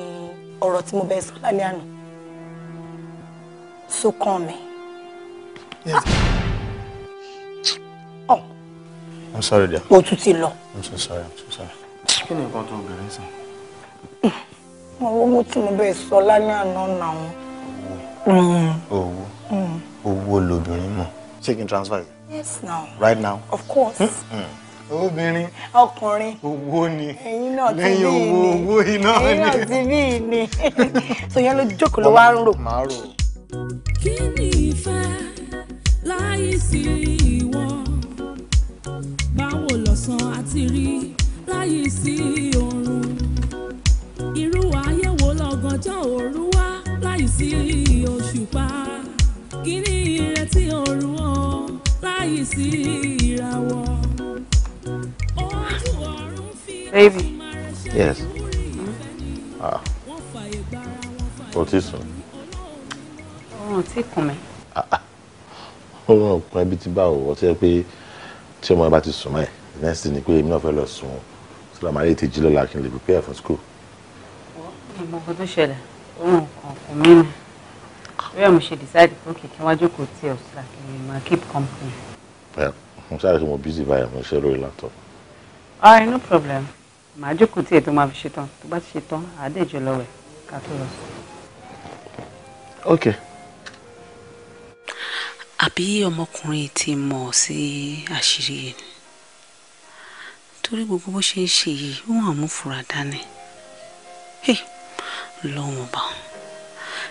ọ̀rọ̀ tí mo bẹ sọ lálẹ́ àná so kàn mí. Yes. Oh. I'm sorry dear. Mo tún ti lọ. I'm so sorry. I'm so sorry. Kí ni nǹkan tó bẹ̀rẹ̀ sàn? Àwọn mm. owó tí mo bẹ̀rẹ̀ sọ lálẹ́ àná náà. Owó. Mm. Owó. Mm. Owó lobìnrin mọ̀. Ṣé kí n transfer it? Yes now. Right now? Of course. Mm -mm obìnrin ọkùnrin owó ni lẹ́yìn owó owó iná ni lẹ́yìn náà ti bí i so yẹn ló jókòó ló wá ń rò. màá rò. kí ni ìfẹ́ láì sí ìwọ báwo lọ́sàn àti rí láì sí oorun irú àyẹ̀wò lọ́gànjọ́ òru wá láì sí òṣùpá kí ni ìrètí òru wọn láì sí ìràwọ̀. Baby. Yes. Mm-hmm. Ah. O ti sùn. Oorun ti kùn mí. Oorun ọ̀pọ̀ ẹbí ti bá òwò tí ẹ pé tí ọmọ bá ti sùn mọ́ ẹ̀ next ni pé èmi náà fẹ́ lọ sùn sí làmà lè ti jí lọ́la kí n lè prepare for school. Ìmọ̀ nǹkan tó ṣẹlẹ̀, oorun kan kùn mí ni. Bẹ́ẹ̀ mo ṣe decide pé kìkì wájú kò tí ọ̀sán kì keep company. Yeah mo sáré kí mo busy báyìí mo ṣe lórí laptop. all right no problem màá jókòó tí ètò máa fi ṣetán tó bá ti ṣetán àádéjọ lọ́wẹ̀ ká tó lọ. ok. àbí ọmọkùnrin ti mọ̀ sí àṣírí yẹn torí gbogbo bó ṣe ń ṣe yìí ó hàn mú fura dání lọ́wọ́n bá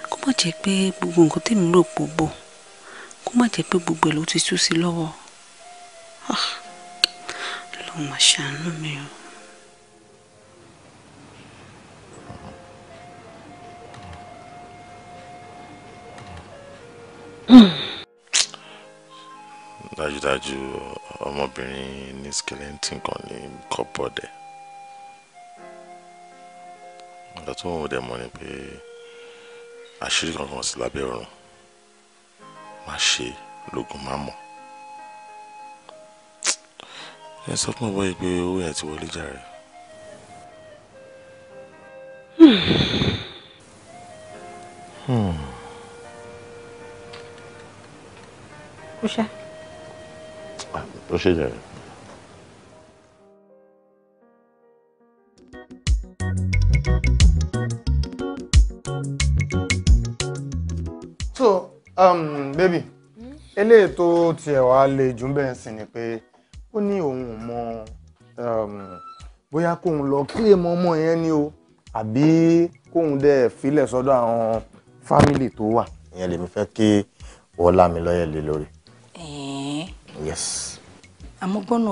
kó má jẹ́ pé gbogbo nǹkan tèmi rò pò bò kó má jẹ́ pé gbogbo ẹ̀ ló ti sú sí lọ́wọ́ Ah, Ọlọ́run máa ṣàánú mi o. dájúdájú ọmọbìnrin ní skeleton kan ní kọ́bọ̀dẹ̀ ọ̀dọ̀ tó ń dẹ̀ mọ́ ni pé àṣírí kankan sí lábẹ́ ọ̀run má ṣe lógun má mọ̀ ẹ sọ fún ọ̀bọ yìí pé owó yẹn ti wọlé jàre. ó hmm. ṣá. Ah, ó ṣe jàre. so um, baby hmm? eléyìí tó tiẹ̀ wá lè jù bẹ́ẹ̀ sìn ni pé bóyá kóun lọ kílèmọ ọmọ yẹn ni o àbí kóun dẹ̀ filẹ̀ sọ́dọ̀ àwọn fámìlì tó wà ìyẹn lèmi fẹ́ kí wọlá mi lọ́yẹ̀ lé lórí. yes. àmọ́ gbọ́nà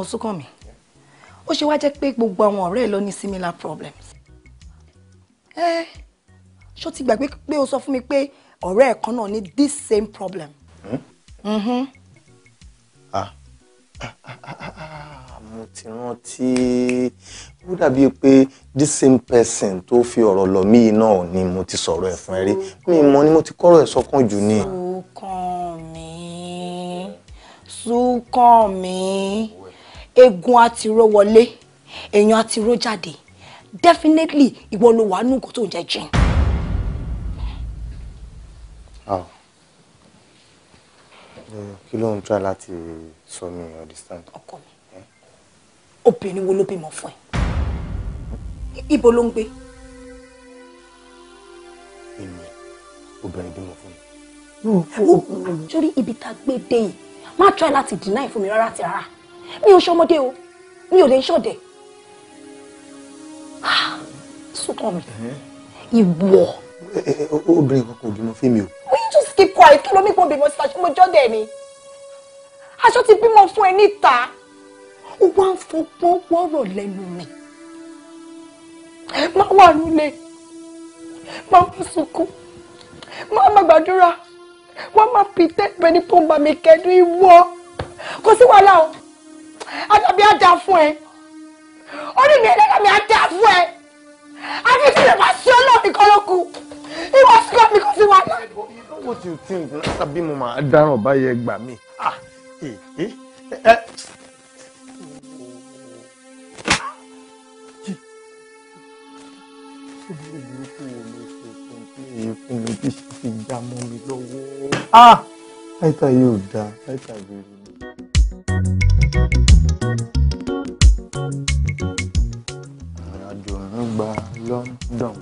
ó ṣe wá jẹ́ pé gbogbo àwọn ọ̀rẹ́ ló ní similar problems. ẹ ṣó ti gbàgbé pé o sọ fún mi pé ọ̀rẹ́ ẹ̀ kan náà ní this same problem. Mm? ah ah ah mo ti rántí ó dàbí pé this same person tó fi ọ̀rọ̀ lọ mí náà ni mo ti sọ̀rọ̀ ẹ̀ fún ẹ rí mi mọ̀ ni mo ti kọ́rọ̀ ẹ̀ sọ́kàn jù ni. sùkàn mi sùkàn mi egun àti wọlé èèyàn àti jáde definitely ìwọ ló wà nù kó tó jẹ jìn. kí ló ń try láti sọ mi understand. ọkọ mi obìnrin wo ló bímọ fún ẹ ibo ló ń gbé. èmi obìnrin bímọ fún mi. sórí ibi tá a gbé dé yìí má try láti deny fún mi rárá àti rárá mi ò ṣọmọdé o mi ò lè ṣọdẹ. Ah, sùkàn mi ìwọ. obìnrin kan kò bímọ fún mi o. will you just keep quiet kí ló mi kò bímọ sí aṣọ mo jọ́ dẹ̀ ni aṣọ ti bímọ fún ẹ níta ó wá ń fọgbọ́n wọ́rọ̀ lẹ́nu mi má wà lulẹ̀ má wá sunkún má má gbàdúrà wọ́n má fi tẹ́pẹ́ ní pọ́ńbà mi kẹ́dùn ìwọ kò sí wàhálà o àdàbí àdá fún ẹ orí mi ẹlẹ́dàá mi àdá fún ẹ àti ìṣẹ̀lẹ̀ bá sí ọlọ́ọ̀mì kan lóku ìwọ sùkọ́ mi kò sí wàhálà. what do you think látàbí mo máa dáràn báyẹn gbà mí ah eh eh eh. ojú burúkú wo ló ṣe fún pé èyí fún mi tí ṣe ti já mọ́ mi lọ́wọ́ àìta yóò dá àìta rere ni. ìrìnàjò mi gba London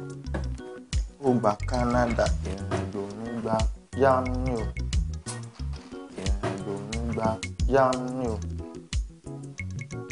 ó gba Canada ìrìnàjò mi gba Yánni o ìrìnàjò mi gba Yánni o.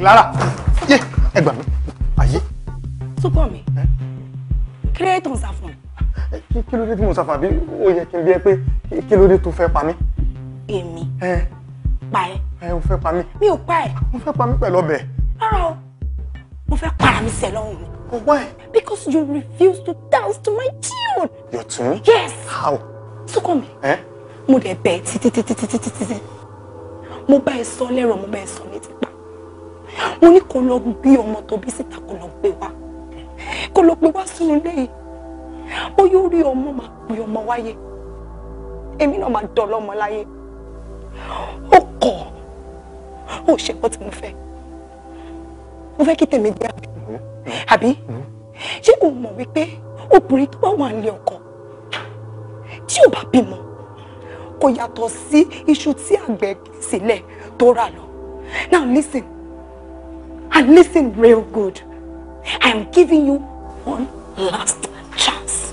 Clara yé ẹ gbà mí ayé. túbọ̀ mi kí ló dé tó ń sá fún mi. kí ló dé tí mo sá fún àbí ó yẹ kí n bí ẹ pé kí ló dé tó fẹ́ pa mí. èmi pa ẹ. ẹ o fẹ́ pa mí. mi ò pa ẹ. mo why. because you refuse to dance to my tune. your tune. yes. how. Súnkànmí. mo Eh, bẹ̀ títí títí títí títí mo bá ẹ sọ lẹ́rọ̀ mo bá ẹ sọ ní mo ní kó lọ bí ọmọ tó bí síta kó lọ gbé wá kó lọ gbé wá sínú ilé yìí ó yóò rí ọmọ máa pè ọmọ wáyé èmi náà máa dọ̀ lọ́mọ láyé ó kọ̀ ó ṣe pọ́ tí mo fẹ́ mo fẹ́ kí tèmi gbé àbí ṣé o mọ̀ wípé obìnrin tó bá wà nílé ọkọ tí ò bá bímọ kò yàtọ̀ sí iṣu tí àgbẹ̀ sílẹ̀ tó rà lọ now listen And listen real good. I am giving you one last chance.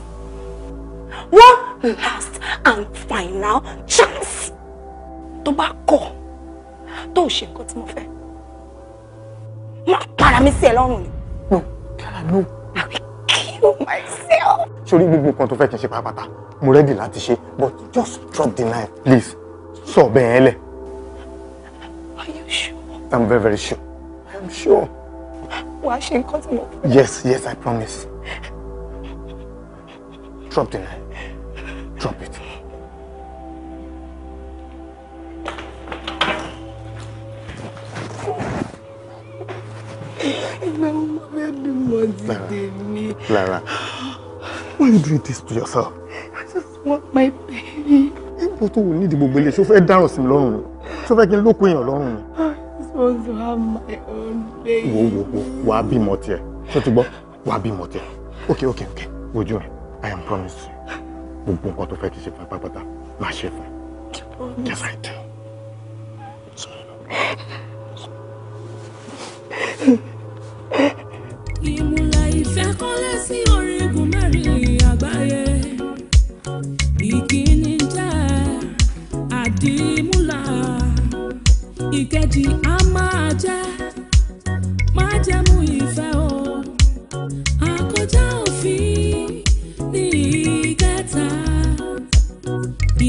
One last and final chance. Tó back kọ̀, tó ṣe nǹkan tí mo fẹ́. Má para mi sí No, Kara, no. I will kill myself. Sori gbogbo nǹkan tó fẹ́ kí n ṣe pátápátá, mo ready to ṣe but just drop the knife please. So bẹ́ẹ̀ lẹ̀. Are you sure? I'm very very sure. I'm sure. Wàá ṣe nǹkan tí mo Yes, yes, I promise. Drop the knife. Drop it. Ìgbà wo máa fẹ́ dùn mọ́ ti tèmi? Lara, why you doing this to yourself? I just want my baby. Ipò tó wù ní ìdìbò gbélé ṣó fẹ́ dáràn sí alone. So ni? Ṣó fẹ́ kí n alone. Ah want to have my own baby. wo wo wo wàá bímọ tiẹ̀ tó ti gbọ́ wàá bímọ tiẹ̀ ok ok ok wojú ẹ i am promised gbogbo nǹkan tó fẹ́ ti ṣe fún ẹ pátápátá máa ṣe fún yes i do. ìmùlà ìfẹ́ orígun mẹ́rin àgbáyé ìkíni jẹ́ àdìmúlà ìkejì á máa jẹ́ májẹ̀mú ìfẹ́ o àkójá òfin ní ìkẹta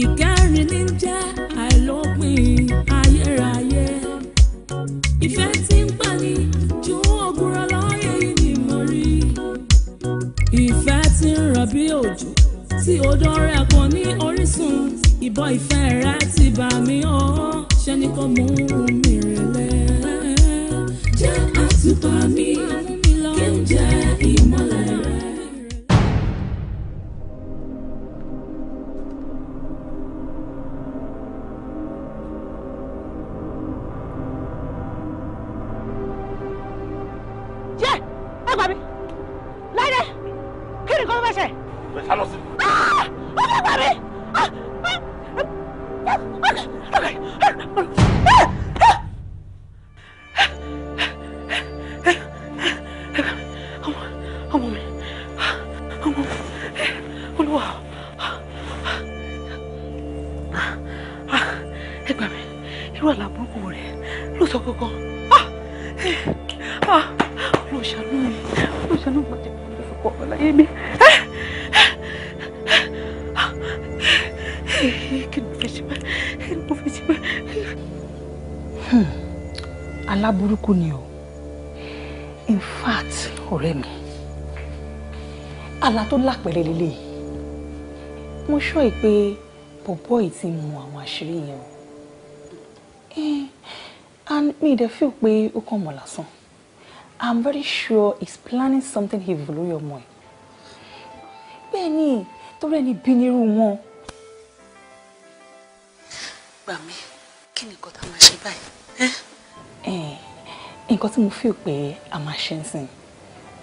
ìkẹrin ní jẹ́ àìlópin ayérayé ìfẹ́ tí ń pani ju ògùrọ̀ lọ́yẹ̀ yìí ni mo rí ìfẹ́ tí ń rọ̀ bí òjò tí odò rẹ̀ kò ní orísun ìbọn ìfẹ́ rẹ̀ ti bà mí o. Oh ṣe ni kò mú mi rìn lẹ́. tó lápẹ̀rẹ̀ lélẹ̀ mo ṣọ́ ẹ pé bọ̀bọ́ yìí ti mọ àwọn àṣírí yẹn o and mi dẹ̀ feel pé ó kàn mọ̀ lásán i'm very sure he's planning something evil lórí ọmọ ẹ̀ bẹ́ẹ̀ ni torí ẹni bí nírú wọn. gbà mí kí ni nǹkan tá a máa ṣe báyìí. nǹkan tí mo feel pé a máa ṣe ń sìn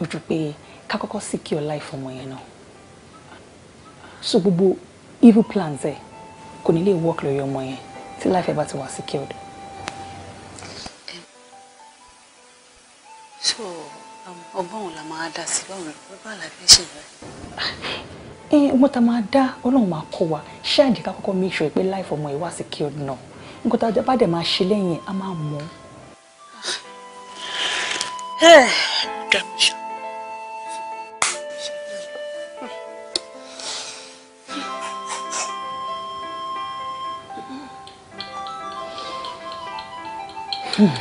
ojú pé ká kọ́kọ́ secure life ọmọ yẹn náà so gbogbo evil plans ẹ kò ní lè work lórí ọmọ yẹn tí life ẹ bá ti wà secured. so um, ọgbọ́n wo la máa dá sí báwo bá àlàáfíà ṣe bẹ́ẹ̀. ẹ ọmọ tá a máa dá ọlọ́run máa kọ́ wa ṣáà ká kọ́kọ́ make sure pé life ọmọ yẹn wà secured náà nǹkan tá a bá dẹ̀ máa ṣe lẹ́yìn a máa mọ̀ ọ́. Ah. Eh, Whew.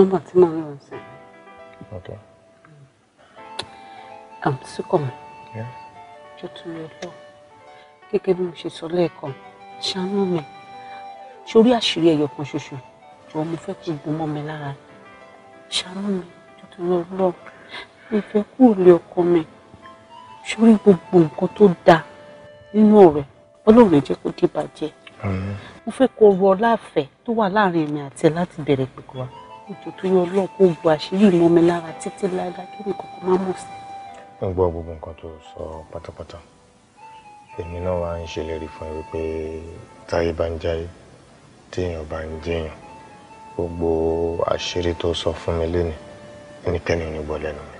nọ́mbà tí màá lọ sí. Okay. Um, Sukọ̀mọ̀. Yes. Jọ tún lè lọ. Gẹ́gẹ́ bí mo ṣe sọ lẹ́ẹ̀kan, ṣàánú mi. Sórí àṣírí ẹyọ kan ṣoṣo, jọ̀wọ́ mo fẹ́ kó gún mọ́ mi lára. Ṣàánú mi, jọ tún lè lọ. Mo fẹ́ kú òlé ọkọ mi. Sórí gbogbo nǹkan tó dáa nínú ọ̀rẹ́, Ọlọ́run ẹ̀ jẹ́ kó dé bàjẹ́. Mo fẹ́ kó rọ láàfẹ́ tó wà láàrin èmi àti ẹ láti òjò tó yọ ọlọ́run kó bu àṣírí mọ́ mi lára títí lára kí nǹkan kan má mọ̀ sí. mo gbọ́ gbogbo nǹkan tó sọ pátápátá èmi náà wá ń ṣèlérí fún ẹ wípé táyé bá ń jáyé téèyàn bá ń jẹyàn gbogbo àṣírí tó sọ fún mi lénìí ẹnikẹ́ni ò ní gbọ́ lẹ́nu mi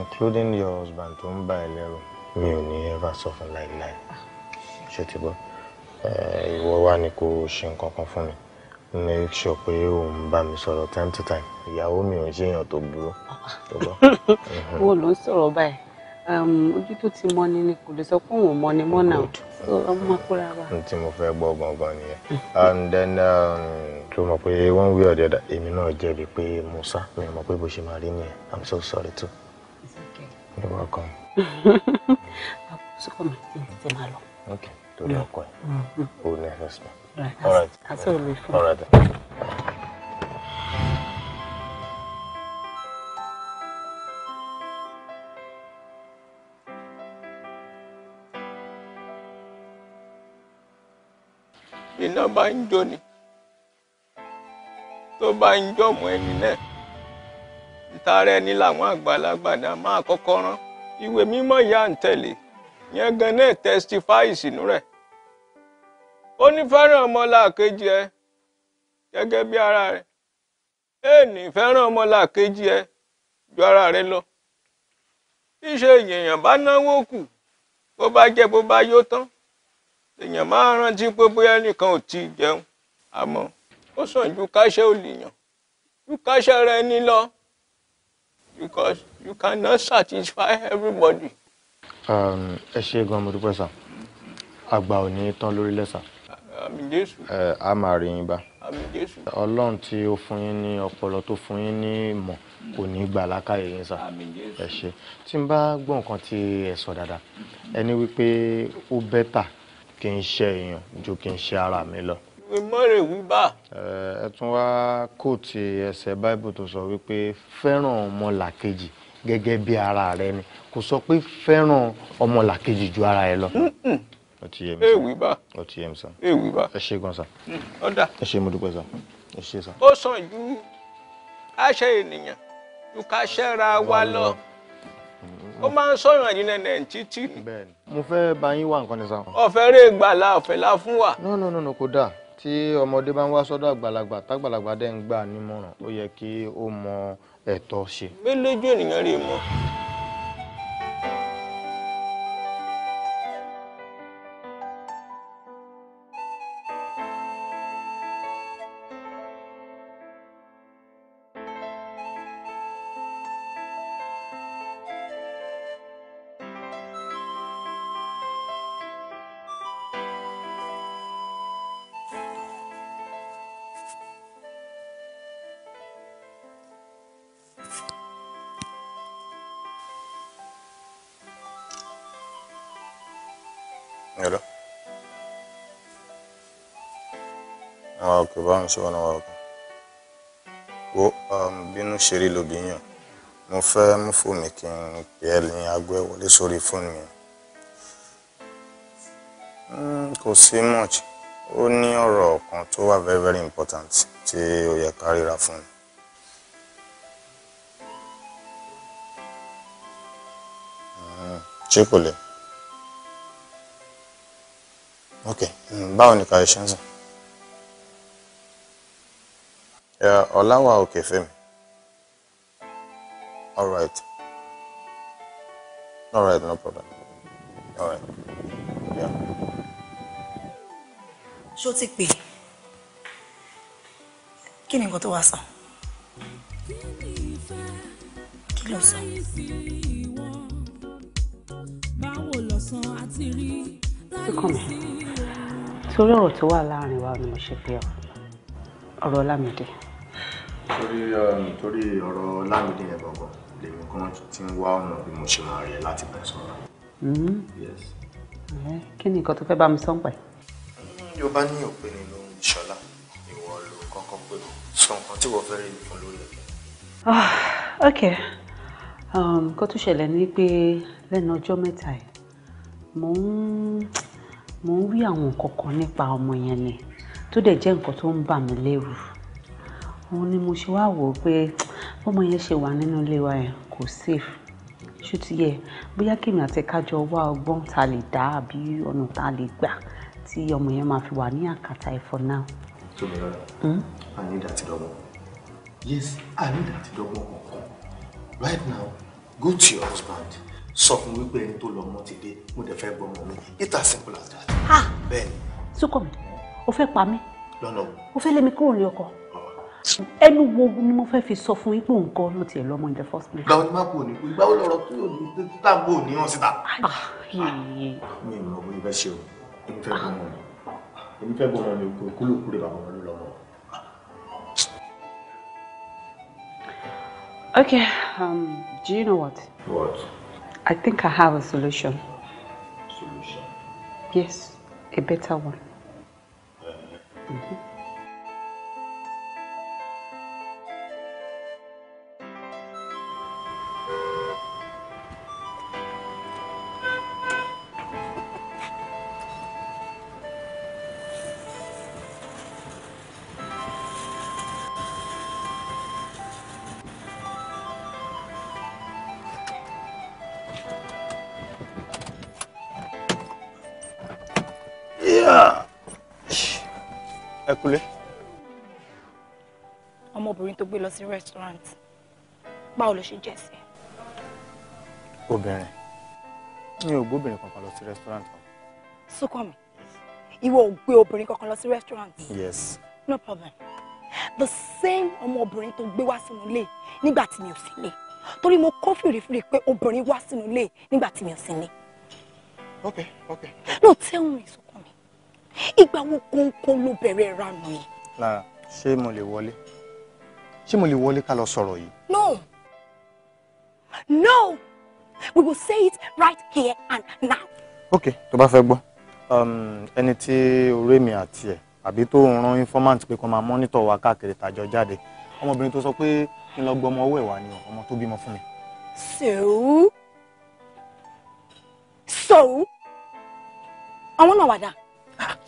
including your husband tó ń bá ẹ lẹ́rù mi ò ní ever sọ fún láìláì ṣe ti gbọ́ ìwọ wá ni kò ṣe nǹkan kan fún mi make sure pé òun bá mi sọ̀rọ̀ time to time ìyàwó mi ò ń ṣe èèyàn tó burú tó bọ́. wo ló ń sọ̀rọ̀ báyìí ojú tó ti mọ́ni ni kò lè sọ pé òun ò mọ́ni mọ́ náà so ọmọ kúra wa. n tí mo fẹ́ gbọ́ gangan nìyẹn and then tó um, mọ̀ pé one way or the other èmi náà jẹ̀bi pé musa mi mọ̀ pé bó ṣe máa rí nìyẹn i'm so sorry too. it's okay. you're welcome. àkóso kọ́ mi ti ń tẹ̀ máa lọ. ok torí ọkọ ẹ o mm-hmm. ní ẹsẹ̀ sùn. Right. All right. That's all right. Iná ni, tó bá ń ẹni náà, ìtara ẹni làwọn àgbàlagbà náà máa kọ́kọ́ rán. Ìwé mímọ́ ìyá ń tẹ̀lé, yẹn gan rẹ̀. ó ní fẹ́ràn ọmọlàkejì ẹ gẹ́gẹ́ bí ara rẹ éèní fẹ́ràn ọmọlàkejì ẹ ju ara rẹ lọ ṣíṣe èèyàn bá náwó kù bó bá jẹ bó bá yó tán èèyàn máa rántí pé bóyá nìkan ò tí jẹun àmọ́ ó sàn ju káṣẹ́ olùyàn ju káṣẹ́ rẹ ní lọ because you cannot satisfy everybody. ẹ ṣe gan mo dúpẹ́ sá àgbà ò ní tán lórí lẹ́sà àmín jésù. ẹ a máa rí yín bá. àmín jésù. ọlọ́run tí ó fún yín ní ọpọlọ tó fún yín ní ìmọ̀ kò ní gbà lákàyè yín sá. àmín jésù. ẹ ṣe tí n bá gbọ́ nǹkan tí ẹ sọ dáadáa ẹni wípé ó bẹ́tà kí n ṣe èèyàn ju kí n ṣe ara mi lọ. ìmọ̀ràn ìwí bá. ẹ tún wá kóòtù ẹsẹ̀ báíbù tó sọ wípé fẹ́ràn ọmọlàkejì gẹ́gẹ́ bí ara rẹ ni kò sọ pé fẹ́ràn ọmọlàkejì ju ara ẹ lọ ó ti yé mi sa. èèwì bá ó ti yé mi sá èèwì bá ẹ ṣe gan sá ọ̀dà hmm, ẹ ṣe mo dúpẹ́ sá ẹ ṣe sá. ó sàn ju káṣẹ ènìyàn ju káṣẹra wa lọ ó máa ń sọ̀rọ̀ ìrìnà nàìjíríà ni. bẹ́ẹ̀ni mo fẹ́ bá yín wá nǹkan ní sá. ọ̀fẹ́ rè gbàlà ọ̀fẹ́ la fún wa. no no no no kò dáa tí ọmọdé bá ń wá sọ́dọ̀ àgbàlagbà tágbàlagbà dẹ́ ń gbà nímọ̀ràn ó yẹ kí ó mọ ẹ̀tọ́ ṣe. bí lójú ènìyàn rè mọ́. òkè bá mi ṣe ọ̀nà wa òkè wo um, bínú ṣe rí lóbi mo fẹ́ mú fóònù mi kí n pè ẹ́ ní aago ẹ̀ wọlé sórí fóònù mi hmm, kò sí much ó ní ọ̀rọ̀ kan tó wà very very important tí ó yẹ ká ríra fún mi. Hmm, ṣé kò lè ok hmm, báwo ni kàyé ṣe ń sìn. uh, Olawa Okefemi. All right. All right, no problem. All right. Yeah. Ṣó ti pè? Kí ni nǹkan tó wá sọ? Kí ló sọ? Kíkọ́ mi, ọ̀rọ̀ tó wà láàrin wa ni mo ṣe pé ọ, ọ̀rọ̀ Ọlámídé. Um, torí ọ̀rọ̀ lámìdí yẹn gbọ̀ngàn lèmi kan ti ń wá ọ̀nà bí mo ṣe máa rí ẹ láti bẹ̀ sọ̀rọ̀. Mm-hmm. kí ni nǹkan tó fẹ́ bá mi sọ́n pẹ̀? Mm, yóò bá ní òpin ni ló ń ṣọlá ìwọ ló kọ́kọ́ pé sọ nǹkan tí wọ́n fẹ́ rí fún lórí ẹ̀. Ah, ok um, nǹkan tó ṣẹlẹ̀ ni pé lẹ́nu ọjọ́ mẹ́ta yìí mo ń mo ń rí àwọn nǹkan kan nípa ọmọ yẹn ni tó dẹ̀ jẹ́ nǹkan tó ń bà mí lẹ́rù òun ni mo ṣe wá wò ó pé bọ́mọ yẹn ṣe wà nínú ilé wa yẹn kò safe ṣó ti yẹ bóyá kèmi àti kájọ wá ọgbọ́n ta lè dá àbí ọ̀nà ta lè gbà tí ọmọ yẹn máa fi wà ní àkàtà ẹ̀ for now. tóbi rárá i hmm? need àti dọ́gbọ́n yes i need àti dọ́gbọ́n right now go to your husband sọ fún wípé ẹni tó lọ mọ ti dé mo dẹ̀ fẹ́ gbọ́ ọmọ mi it's as simple as that. Ah! bẹ́ẹ̀ni. sókò mi o fẹ́ pa mí. lọ́nà o. o fẹ́ lé mi kúrò ní ọkọ̀ ẹnu wo ni mo fẹ́ fi sọ fún yín pé nǹkan ló tiẹ̀ lọ́mọ in the first place. gbàgbọ́ ni má kú òní kú ìgbà wo lọ́rọ̀ tó yóò ní títà bò ní hàn síta. Ah, mi ò mọ bó ibẹ̀ ṣe o èmi fẹ́ bọ́ ọmọ mi èmi fẹ́ bọ́ ọmọ mi kò kúlò kúlò bàbá wọn ló Okay, um, do you know what? What? I think I have a solution. Solution? Yes, a better one. Uh, mm-hmm. sí restaurant báwo ló ṣe jẹ́ sí. obìnrin mi ò gbóbìnrin kankan lọ sí restaurant o. Súnkànmí ìwọ ò gbé obìnrin kankan lọ sí restaurant. yes. no problem the same ọmọbìnrin tó gbé wá sínú ilé nígbà tí mi ò sí ilé torí mo kọ́ fìrìfìrì pé obìnrin wá sínú ilé nígbà tí mi ò sí ilé. ok ok. no tell me Súnkànmí ìgbà wo kóńkó ló bẹ̀rẹ̀ ránù yìí. lára ṣé mo lè wọlé ṣé mo lè wọlé ká lọ sọ̀rọ̀ yìí. no no we will say it right here and now. ok tó bá fẹ́ gbọ́ um, ẹni tí ọ̀rẹ́ mi àti ẹ̀ àbí tó ń ran informant pé kó máa mọ́nítọ̀ wa káàkiri tàjọ jáde ọmọbìnrin tó sọ pé kí n lọ gbọ́ ọmọ ọwọ́ ẹ̀ wá ni ọmọ tó bímọ fún mi. so so àwọn náà wà dáa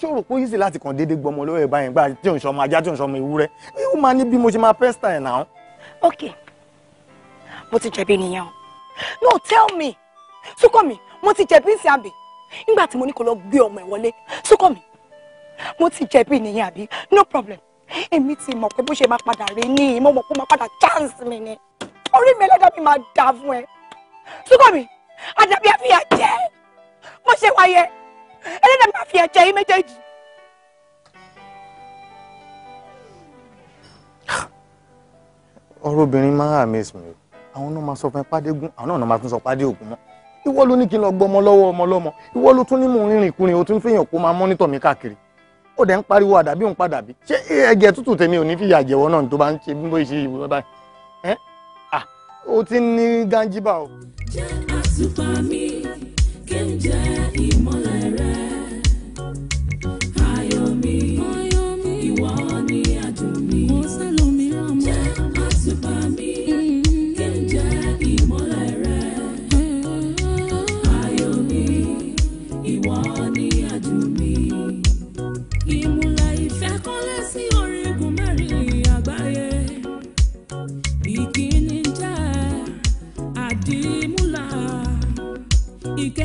ṣé o rò pé easy láti kàn déédéé gbọmọ lọ́wọ́ ẹ̀ báyìí gbà tí ò ń sọmọ ajá tí ò ń sọmọ ewúrẹ́ ó máa ní bí mo ṣe máa pester ẹ̀ náà. ok mo ti jẹ̀bi nìyẹn o no tell me Súnkànmí mo ti jẹ̀bi ìsìn àbí nígbà tí mo ní kó lọ gbé ọmọ ẹ̀ wọlé Súnkànmí mo ti jẹ̀bi nìyẹn àbí no problem èmi ti mọ̀ pé bó ṣe máa padà rí ní mo mọ̀ pé máa padà chance mi ni orí mi ẹlẹ́dàá mi máa dà fún ẹ Súnkànmí àdàbí ẹ fi hàn jẹ́ mo ṣe wáyé ẹlẹ́dàá máa fi ẹ̀jẹ̀ yín méjèèjì. ọ̀rọ̀ obìnrin máa ń amaze mi o àwọn náà máa sọ fún ẹ pàdégún àwọn náà máa tún sọ pàdé ògùn mọ́ ìwọ ló ní kí n lọ gbọmọ lọ́wọ́ ọmọ lọ́mọ ìwọ ló tún ní mò ń rìnrìn kùnrin o tún fẹ́yàn kó máa mọ́nítọ̀ mi káàkiri ó dẹ̀ ń pariwo àdàbí òun padà bí ṣé ẹgẹ tútù tèmi ò ní fìyà jẹ̀wọ́ náà tó bá ń ṣe bí mo ṣe ìwúrọ̀ báyìí ẹ́ à ó ti ń ní gánjíbà o. jẹ́ àsùnfà mi kí n jẹ́ ìmọ̀lẹ̀ rẹ̀.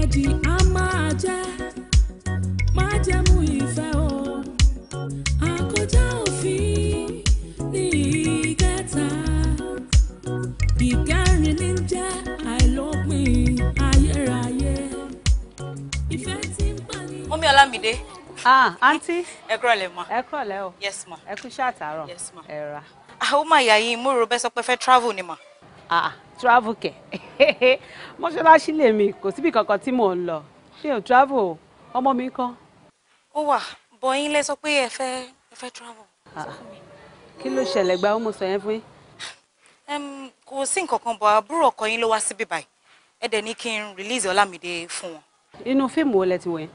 kejì á máa ah àǹtí. ẹ kúrọ̀lẹ́ ma. ẹ kúrọ̀lẹ́ o. yes ma. ẹ kú iṣẹ́ yes ma. ẹ ra. àwọn ọmọ ìyá yìí múrò bẹ́ẹ̀ sọ pé fẹ́ travel ni ma. Ah, travel kẹ̀ mọ́ṣáláṣí lèmi kò síbi kankan tí mò ń lọ ṣé o travel ọmọ mi kọ́. ó wà bọyín lẹ sọ pé ẹ fẹ́ ẹ fẹ́ travel. Ah, kí ló ṣẹlẹ̀ gba ó mo sọ yẹn fún yín. kò sí nǹkan kan bọ̀ àbúrò ọkọ yín ló wá síbí báyìí ẹ dẹ̀ ní kí n release Ọlámídé fún wọn. inú fíìmù wo lẹ ti wẹ̀.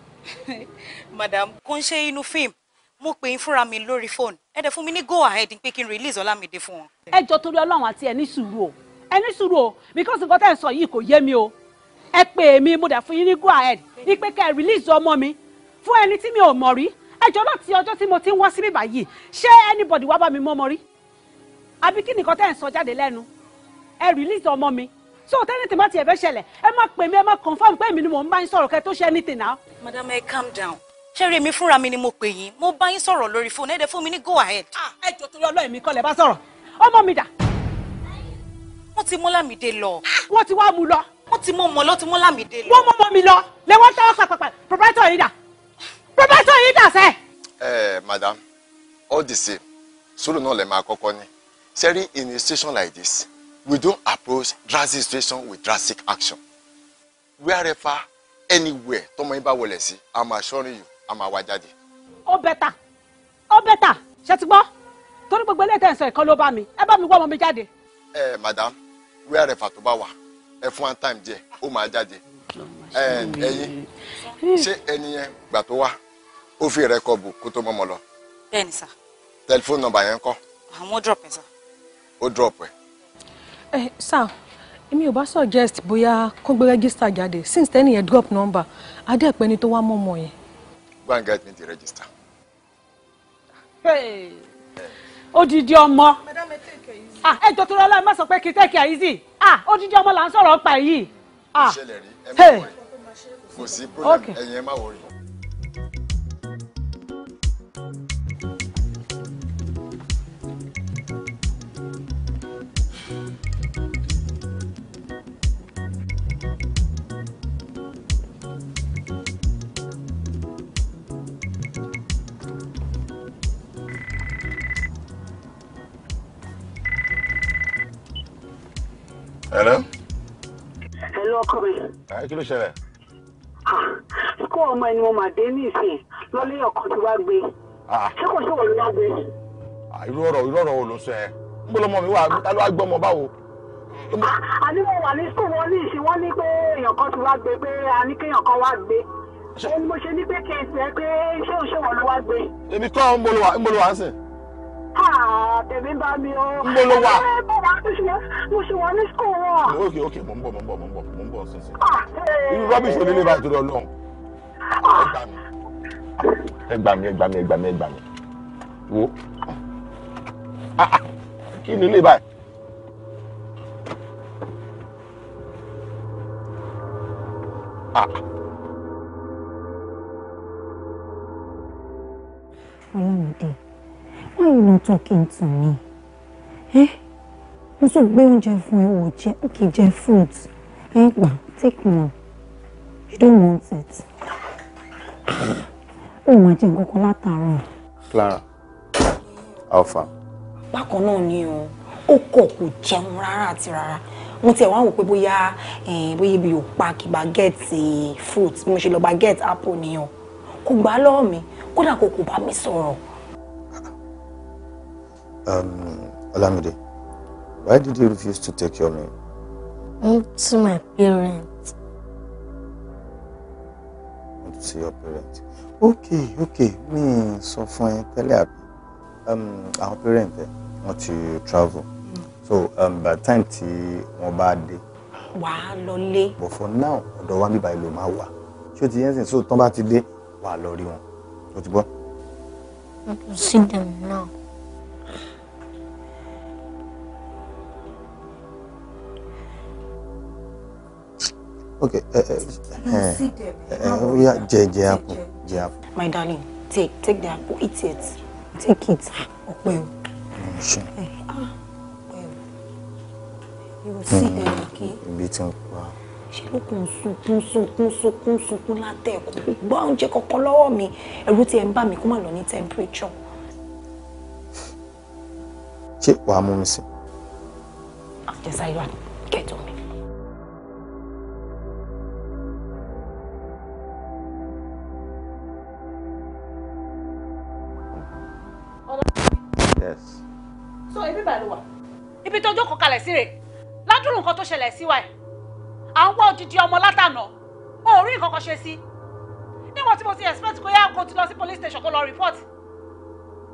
madam kò ń ṣe inú fíìmù mo pè yín fúnra mi lórí fóònù ẹ dẹ̀ fún mi ní go ahead pé kí n release Ọlámídé fún wọn. ẹ jọ torí Ọlọ́run àti ẹ ní sùúrù o ẹ ní sùúrù o because nǹkan tẹ́ ẹ̀ sọ yìí kò yé mi o ẹ pè mí mo dẹ̀ fún yín ní go ahead ipe kẹ́ ẹ release ọmọ mi fún ẹni tí mi ò mọ̀ rí ẹjọ́ láti ọjọ́ tí mo ti ń wá síbí báyìí ṣé anybody wá bá mi mọ́ ọmọ rí àbí kí nìkan tẹ́ ẹ̀ sọ jáde lẹ́nu ẹ release ọmọ mi so tẹ́lẹ̀ tí má tiẹ̀ fẹ́ ṣẹlẹ̀ ẹ má pè mí ẹ má confirm pé èmi ni mò ń bá yín sọ̀rọ̀ kẹ́ tó ṣe anything now. madam ẹ calm down ṣẹ́rí èmi fúnra mi ni mo pè yín mo bá yín sọ̀rọ̀ lórí fóònù ẹ̀ẹ́dẹ̀ fún mi ní go ahead. Ah, ẹ jọ torí ọlọ́ọ̀ mi kọ́lẹ̀ bá sọ̀rọ̀ ọmọ mi dà wọ́n ti mú Lámìdé lọ. wọ́n ti wá mú lọ. wọ́n ti mú ọmọ lọ ti mú Lámìdé lọ. wọ́n mú ọmọ mi lọ lẹ́wọ́n tọ́wọ́ pàpàpà proprietor yìí dà proprietor yìí dà sẹ́. ẹ madam all the same sùúrù náà lè máa kọ́kọ́ ní sẹ́rí in a situation like this we don't approach drastic situation with drastic action wherever anywhere tọmọ yín bá wọlé sí i'm assuring you i'm awa jáde. ó bẹ́tà ó bẹ́tà ṣe ti gbọ́ torí gbogbo eléyìí tẹ̀ ń sọ ìkan ló bá mi ẹ bá mi wọ́ ọmọ mi jáde. ẹ madam wíwá rẹ̀ fà tó bá wà ẹ fún one time díẹ̀ ó máa jáde ẹyin ṣé ẹni yẹn gbà tó wá ó fi rẹ́kọ̀bù kó tó mọ́mọ́ lọ. bẹ́ẹ̀ni sà. tẹlifóònù nọ́mbà yẹn kọ́. àwọn ó drop ẹ sà. ó drop ẹ. ẹ sà èmi ò bá suggest bóyá kó gbé register jáde since tẹ́ni yẹn drop number adẹ́pẹ́ni tó wá mọ́mọ́ yẹn. go and get me the register. Hey odidi ọmọ ah, ẹ jọ tó rọlá má sọ pé kí tẹ́kì àyíṣì ah, odidi ọmọ là ń sọ̀rọ̀ ọ̀pá yìí. ìṣẹ̀lẹ̀ ah. rí ẹ mọ̀ ẹ̀ kò sí problem ẹ̀yin ẹ má wọrí. kí ló ṣẹlẹ̀. ikú ọmọ ẹni mo mà dé ní ìsìn lọ́lé ọkàn tí wàá gbé ṣé kò ṣòwò ló wá gbé. irú ọ̀rọ̀ irú ọ̀rọ̀ wo ló sọ ẹ́ ń bọ́ lọ́mọ mi wà á ló wá gbọ́ ọmọ báwo. àní mo wà ní sùn wọn ní ìsìn wọn ní pé èèyàn kan ti wá gbé pé a ní kéèyàn kan wá gbé ẹni mo ṣe ní pé kí n sẹ pé ṣé òṣèwọ ló wá gbé. èmi kọ́ ń bolo wà ń sìn tèmi bá mi o. n bolo wa. ẹ bọ̀ wá mo ṣe wà ní school wọn. ok ok mo ń bọ̀ mo ń bọ̀ mo ń bọ̀ mo ń bọ̀ sísìn. Ah, irú rọ́bìṣì onílé bá torí ọlọ́run. ẹ gbà mí ẹ gbà mí ẹ gbà mí ẹ gbà mí wo ah, ah. kí ni ilé báyìí. ọlọ́run dé. Why are you not talking to me? Eh? Mo sọ gbé oúnjẹ fún ẹ wò jẹ kì í jẹ Eh? Ẹ take one. You don't want it. Oh my, jẹ go kan látàárọ̀. Clara, Alpha. Bákan náà ni o, ó kọ̀ kò jẹun rárá àti rárá. Mo tiẹ̀ wá wò pé bóyá bóyá ibi ò pa kí bagẹ́ẹ̀tì fruit apple ni Kumbalo Kò gbà lọ́wọ́ mi, kódà kò kò bá Um, Olamide, why did you refuse to take your name? Not to my parents. Not to your parents. Okay, okay. Mi sọ fún ẹ tẹ́lẹ̀ àbí. Um, àwọn parents want to travel. So um, by the time tí wọ́n bá dé. Wàá lọ But for now, ọ̀dọ̀ don't want to máa wà. Ṣé o So the sìn? So tán bá ti dé, wàá lọ rí wọn. O ti bọ́. see them now. Okay. ẹ ẹ ẹ oya jẹ jẹ apple my darling take take the apple eat it take it ọpẹ́ o. ibi tí n pa. ṣé ló kún sunkún sunkún sunkún sunkún látẹ̀kùn gbọ́ oúnjẹ kankan lọ́wọ́ mi ẹ̀rù tí ẹ̀ ń bà mí kó má lọ ní temperature. ṣé wàá mú mi sí. àjẹsáyọ̀ àti kẹ́tọ̀ mi. bíbà ló wà ibi tó jókòó kalẹ̀ sí rè ládùrún nǹkan tó ṣẹlẹ̀ sí wa ẹ̀ à ń wá odidi ọmọ látànà o ò rí nǹkan kan ṣe sí níwọ̀n tí mo ti expect kó yá kó ti lọ sí police station kó lọ report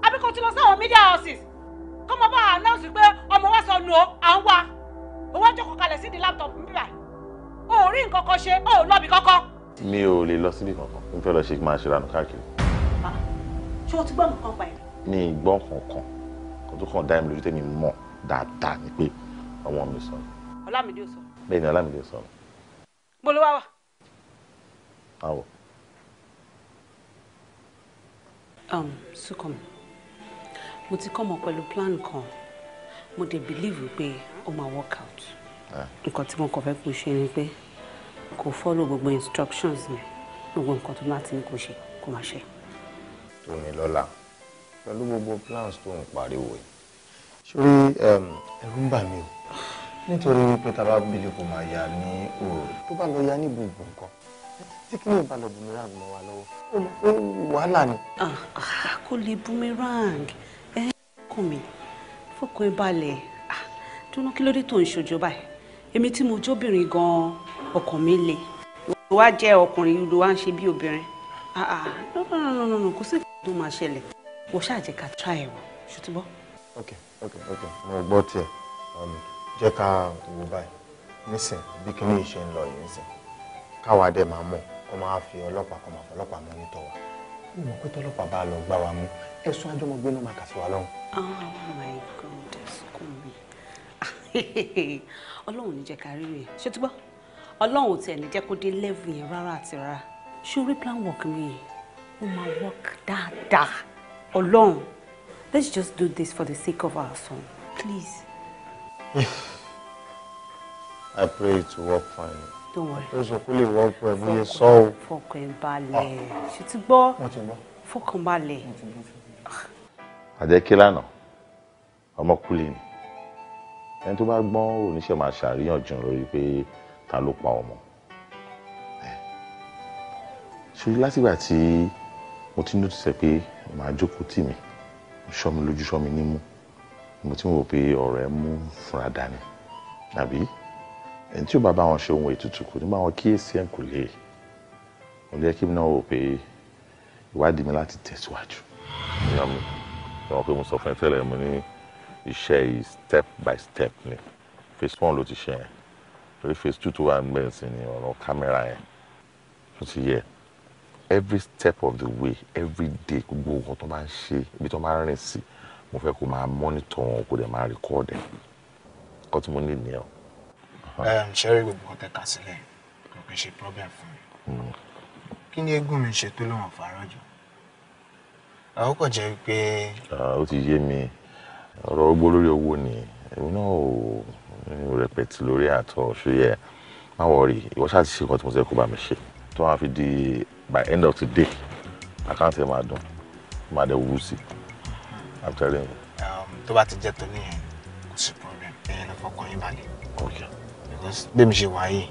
àbí kó ti lọ sáwọn media houses kó mo bá announce pé ọmọ wa sọ nù ó à ń wá owó jókòó kalẹ̀ sí di laptop bíbà o ò rí nǹkan kan ṣe o ò lọ́bi kankan. mi ò lè lọ síbi kankan n fẹ́ lọ ṣe máa ṣe lànà káàkiri. Ah, ṣé o ti gbọ́ nǹkan pa ẹ̀. mi ì gbọ́ kankan kó tó kàn dá mi lójú tẹ́mi mọ̀ dáadáa ni pé ọmọ mi sọ. ọlámídé ò sọ. bẹ́ẹ̀ ni ọlámídé ò sọ. mo ló wá wà. àwọ̀. Um, Sukom mo ti kọ́ ọmọ pẹ̀lú plan kan mo dey believe pé ó máa work out ah. nǹkan tí mo kàn fẹ́ kó ṣe ni pé kò follow gbogbo instructions mi gbogbo nǹkan tó bá ti ní kó ṣe kó máa ṣe. tó ní lọ́la pẹ̀lú gbogbo plans tó ń pariwo yìí sórí ẹ̀rù ń bà mí o nítorí wípé tá a bá bìlì kò máa yà ní òòrùn tó bá lọ ya ní gbogbo nǹkan tí kí ló bá lọ boomerang mọ́ wa lọ́wọ́ ó mọ̀ pé wàhálà ni. Ah, ah, kò lè boomerang ẹ kàn mí fọkàn ẹ balẹ̀ ah, dúró kí ló dé tó ń ṣojo báyìí èmi tí mo jóbìnrin gan-an ọkàn mi le ló wá jẹ́ ọkùnrin ló wá ń ṣe bí obìnrin no no no no kò sí nǹkan tó máa ṣẹlẹ̀ wo ṣáà jẹ́ ká try ẹ̀wọ̀ ṣùtúbọ̀. ok ok ok mo gbọ́ tiẹ̀ um, jẹ́ ká wò báyìí nísìn bí kíní yìí ṣe ń lọ yìí nísìn káwa dẹ̀ máa mọ̀ kó máa fi ọlọ́pàá kó máa fọlọ́pàá mọ́ nítọ̀ wa mo mọ̀ pé tọ́lọ́pàá bá lọ gbá wa mú ẹ̀sùn ajọ́mọgbé náà máa kà sí oh my god ẹ̀sùn mi ọlọ́run ní jẹ́ ká rí rẹ̀ ṣùtúbọ̀ ọlọ́run tiẹ̀ ní jẹ́ kó dé level yẹn rárá àti rárá ṣé orí plan work mi yìí ó máa work dáadáa. Ọlọ́run, let's just do this for the sake of our son, please. I pray it will work fine. Don't worry. Ó sọ pé lè wọ́n pẹ̀ bí yẹn sọ o. Fọkàn balẹ̀. Ṣé ti gbọ́? Wọ́n ti gbọ́. Fọkàn balẹ̀. Àjẹkí lánàá, ọmọ kúlì ni. Ẹni tó bá gbọ́n oníṣẹ́ máa ṣàríyànjiyàn lórí pé ta ló pa ọmọ. Ṣùgbọ́n látìgbà tí mo ti notice pé màá jókòó tì mí ṣọ́ mi lójú ṣọ́ mi nímú mo ti ń wò pé ọ̀rọ̀ ẹ mú fúnra dání àbí ẹni tí ó bá bá wọn ṣe ohun ètùtù kò ní bá wọn kíyèsí ẹ̀ kò lè mo lè kí mi náà wò pé ìwádìí mi láti tẹ̀síwájú ìyá mi ìwọ̀n pé mo sọ fún ẹ tẹ́lẹ̀ mo ní iṣẹ́ yìí step by step ni phase one ló ti ṣe yẹn torí phase two tó wà ń bẹ̀rẹ̀ sí ni ọ̀rọ̀ kámẹ́rà yẹn tó ti yẹ every step of the way every day gbogbo nǹkan tó máa ń ṣe ibi tó máa ń rìn sí mo fẹ́ kó máa mọ́nítọ̀ wọn kó dẹ̀ máa rìkọ́ọ̀dẹ̀ nǹkan tí mo ní nìyẹn o. ṣẹ́rí gbogbo ọ̀tẹ̀ kà sílẹ̀ kò kì í ṣe problem fún mi. Hmm. kí ni eégún mi ṣe tó lóun fàárọ̀ jù? àwọn kò jẹ́ pé. ó ti yé mi ọ̀rọ̀ ogbó lórí owó ni èmi náà ò rẹpẹtì lórí àtọ̀ ṣó yẹ má wọrí ìwọ ṣáà ti ṣe nǹkan tí mo sẹ́ kó bá mi ṣe tó máa fi di by end of today àkáǹtì ẹ̀ máa dùn máa dẹ̀ wú sí i'm telling you. Um, tó bá ti jẹ́ tó ní kò sí problem ẹ̀yìn ló fọkàn yín balẹ̀. ok because bí mi ṣe wà yìí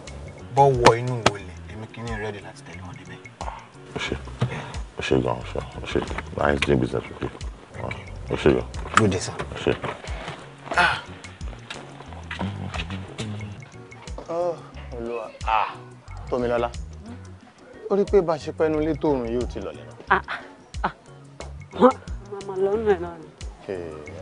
bọ́ wọ inú wo lẹ̀ èmi kì í ní rẹ́dí láti tẹ̀lé wọn débẹ̀. ó ṣe ó ṣe gan ó ṣe ó ṣe láyé ti dín business ok ó ṣe gan. good day sir. ó ṣe. ah. oh olúwa ah tómi lọ́la ó rí pé bá a ṣe pẹ́nu lé tóorùn yóò ti lọ lẹ́nu. Ah, ah, ah. màmá lọ́nà ẹ̀ náà ni.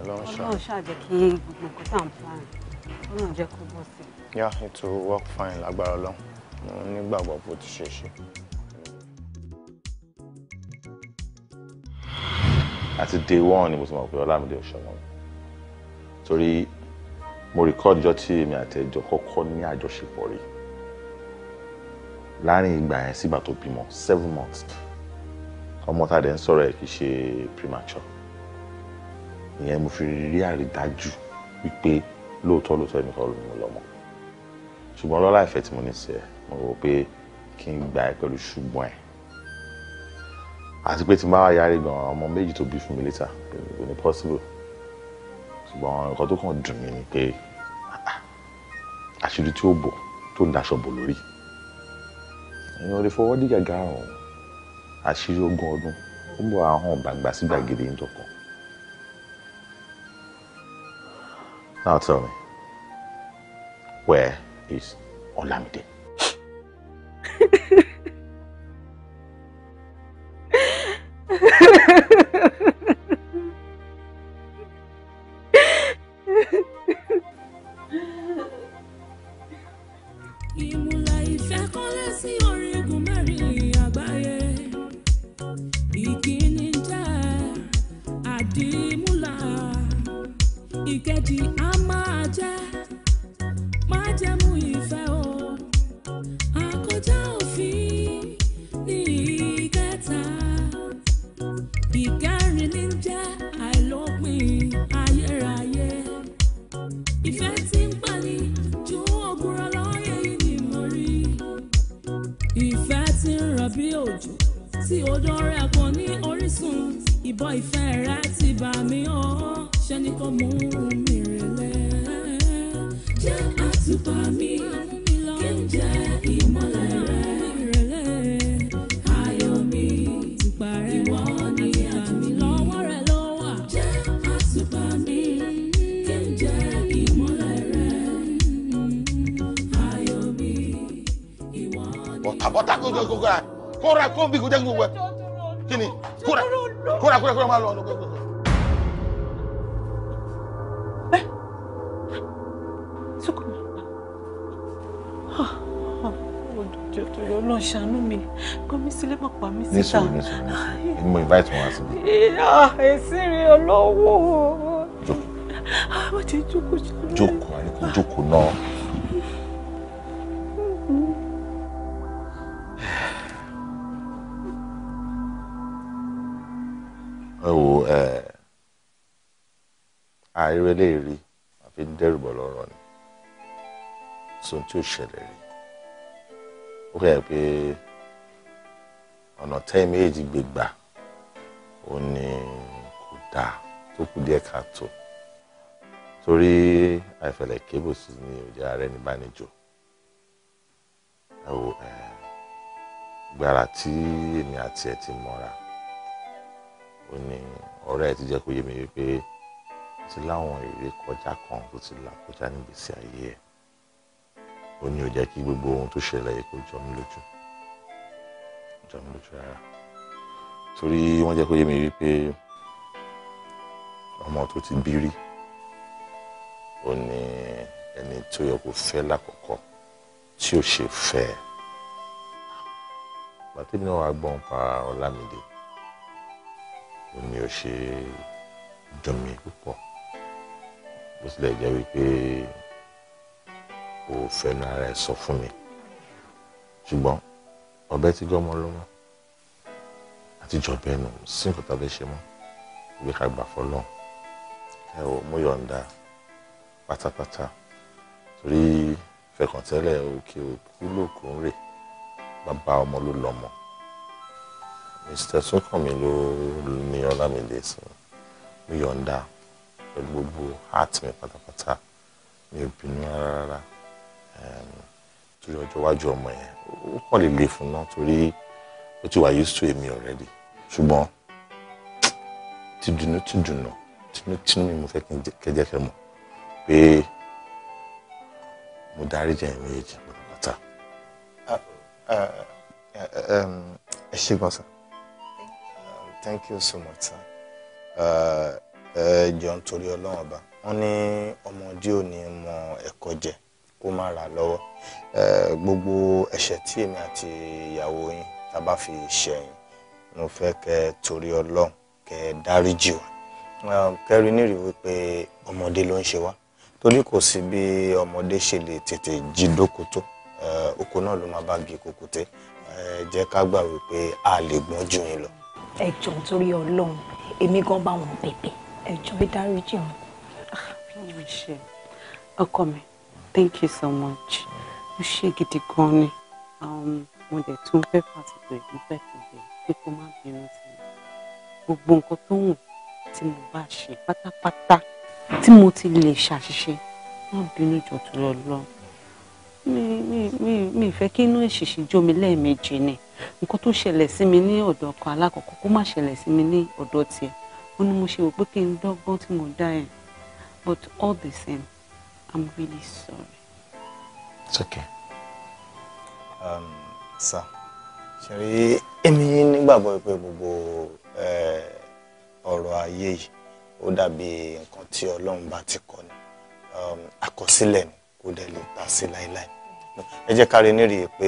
ọlọ́run ṣàjẹ́ kí gbogbo nǹkan tá à ń plan ọlọ́run jẹ́ kó bọ́ sí. yá ètò work fine lágbára ọlọ́run mo nígbàgbọ́ bó ti ṣe ṣe. àti day one ni mo ti mọ̀ pé Ọlámídé Ọ̀ṣọ́wọ́n torí mo record ìjọ tí èmi àtẹ̀jọ́ kọ́kọ́ ní àjọṣepọ̀ rí láàrin ìgbà yẹn sígbà tó bímọ seven months ọmọ tá a dẹ̀ ń sọ̀rọ̀ ẹ̀ kìí ṣe premature ìyẹn mo fi rí àrídájú wípé lóòótọ́ lóòótọ́ ẹnì kan ló mú lọ́mọ ṣùgbọ́n lọ́la ìfẹ́ tí mo ní sí ẹ mo rò pé kí n gbà ẹ pẹ̀lú ṣùgbọ́n ẹ àti pé tí n bá wà yára gan ọmọ méjì tó bí fún mi létà kò ní possible ṣùgbọ́n nǹkan tó kàn dùn mí ni pé ah, ah, àṣírí tí ó bò tó ń daṣọ bò lórí èèyàn lè fọwọ́ dí gàgà ọ̀hún àṣírí ogún ọdún ó ń bọ̀ àhàn gbàgbà sí gbàgede ń tọkàn. Now tell me, where is Olamide? òjòjò lọ ṣàánú mi gbọmí sílé má pa síta. nísòrò nísòrò mo invite wọn síbi. ìyá èsì rí olówó. jókòó. àwọn ti jókòó ṣàánú. jókòó àníkó jókòó náà. ẹ wo àìrẹ́lẹ̀ rí àfi dẹ́rù bọ̀ lọ́rọ̀ ni sóhun tí ó ṣẹlẹ̀ rí ó rẹ̀ pé ọ̀nà tẹ́yìn méjì gbégbà ó ní kò dáa tó kù díẹ̀ káàtó torí àìfẹ̀lẹ̀ kébù sí ní òde ààrẹ ní bánijò ẹ̀wò ẹ̀ gbàrà tí èmi àti ẹ̀ ti mọ́ra ó ní ọ̀rẹ́ ẹ̀ ti jẹ́ kó yé mi wípé ti láwọn ìrékọjá kan tó ti là kọjá nígbèsí ayé ẹ̀ ó ní ó jẹ́ kí gbogbo ohun tó ṣẹlẹ̀ yìí kó jọ mí lójú jọ mí lójú rárá torí wọ́n jẹ́ kó yé mi wípé ọmọ tó ti bí rí ó ní ẹni tó yẹ kó fẹ́ lákọ̀ọ́kọ́ tí ò ṣe fẹ́ ẹ̀ pàtẹ́mi náà wàá gbọ́n pa Ọlámídé ó ní ó ṣe dùn mí púpọ̀ bó tilẹ̀ jẹ́ wípé kò fẹnu ara ẹ sọ fún mi ṣùgbọ́n ọ̀bẹ ti gọ́mọ ló mọ́ àtijọ́ bẹ́ẹ̀ nù sí nǹkan tá a lè ṣe mọ́ ìwé ká gbà fọlọ́n ẹ ò mú yọ̀ǹda pátápátá torí fẹ̀kàntẹ́lẹ̀ òkè òkú lòkùn rè bàbá ọmọ ló lọ́mọ mr Súnkànmí ló ní Ọlámídé sí mú yọ̀ǹda pẹ̀lú gbogbo heart mi pátápátá mi ò bínú rárá rárá torí ọjọ́ iwájú ọmọ yẹn ó kàn lè le fún náà torí ó ti wà used to èmi already ṣùgbọ́n ti dùnú ti dùnú tinú tinú mi mo fẹ́ kẹjẹ kẹ mọ̀ pé mo dárí jẹ́ ẹ̀mí èjì pátápátá. ẹ ṣé gan sir thank you so much sir ẹ jọ nítorí ọlọ́run ọba wọ́n ní ọmọdé ò ní mọ ẹ̀kọ́ jẹ kó má ra lọ́wọ́ gbogbo ẹ̀ṣẹ̀ tí èmi àti ìyàwó yín tá bá fi ṣẹ̀yìn mo fẹ́ kẹ́ torí ọlọ́run kẹ́ dáríjì wá kẹ́rin nírì wípé ọmọdé ló ń ṣe wá torí kò sí bí ọmọdé ṣe lè tètè jí dókòtó oko náà ló máa bá gi kòkòté jẹ́ ká gbà wípé a lè gbọ́n jù yín lọ. ẹ jọ̀ọ́ nítorí ọlọ́run èmi gan bá wọn bẹ̀bẹ̀ ẹ jọ̀ọ́ ẹ dáríjì wọn. Ah, ọkọ mi thank you so much ó ṣe gidi gan ni um, mo dẹ̀ tún fẹ́ fàtìkù ìlú fẹ́ fi bẹ̀ pé kó má bínú sí mi gbogbo nǹkan tó wù tí mo bá ṣe pátápátá tí mo ti lè ṣàṣìṣe má bínú jọ̀tún lọ lọ mi mi mi mi fẹ́ kí inú èṣìṣì jó mi lẹ́ẹ̀mejì ni nǹkan tó ṣẹlẹ̀ sí mi ní ọ̀dọ̀ ọkọ alákọ̀ọ́kọ́ kó má ṣẹlẹ̀ sí mi ní ọ̀dọ̀ tiẹ̀ ó ní mo ṣe wò pé kí n dọ́gbọ́n tí mo dá yẹn but all the same I'm really sorry. It's okay. Um, sir, ṣeré èmi nígbàgbọ́ pé gbogbo eh, ọ̀rọ̀ ayé yìí ó dàbí nǹkan tí Ọlọ́run bá ti kọ ni um, àkọsílẹ̀ ni kò to lè ta sí láéláé ẹ jẹ́ ká rí nírìí pé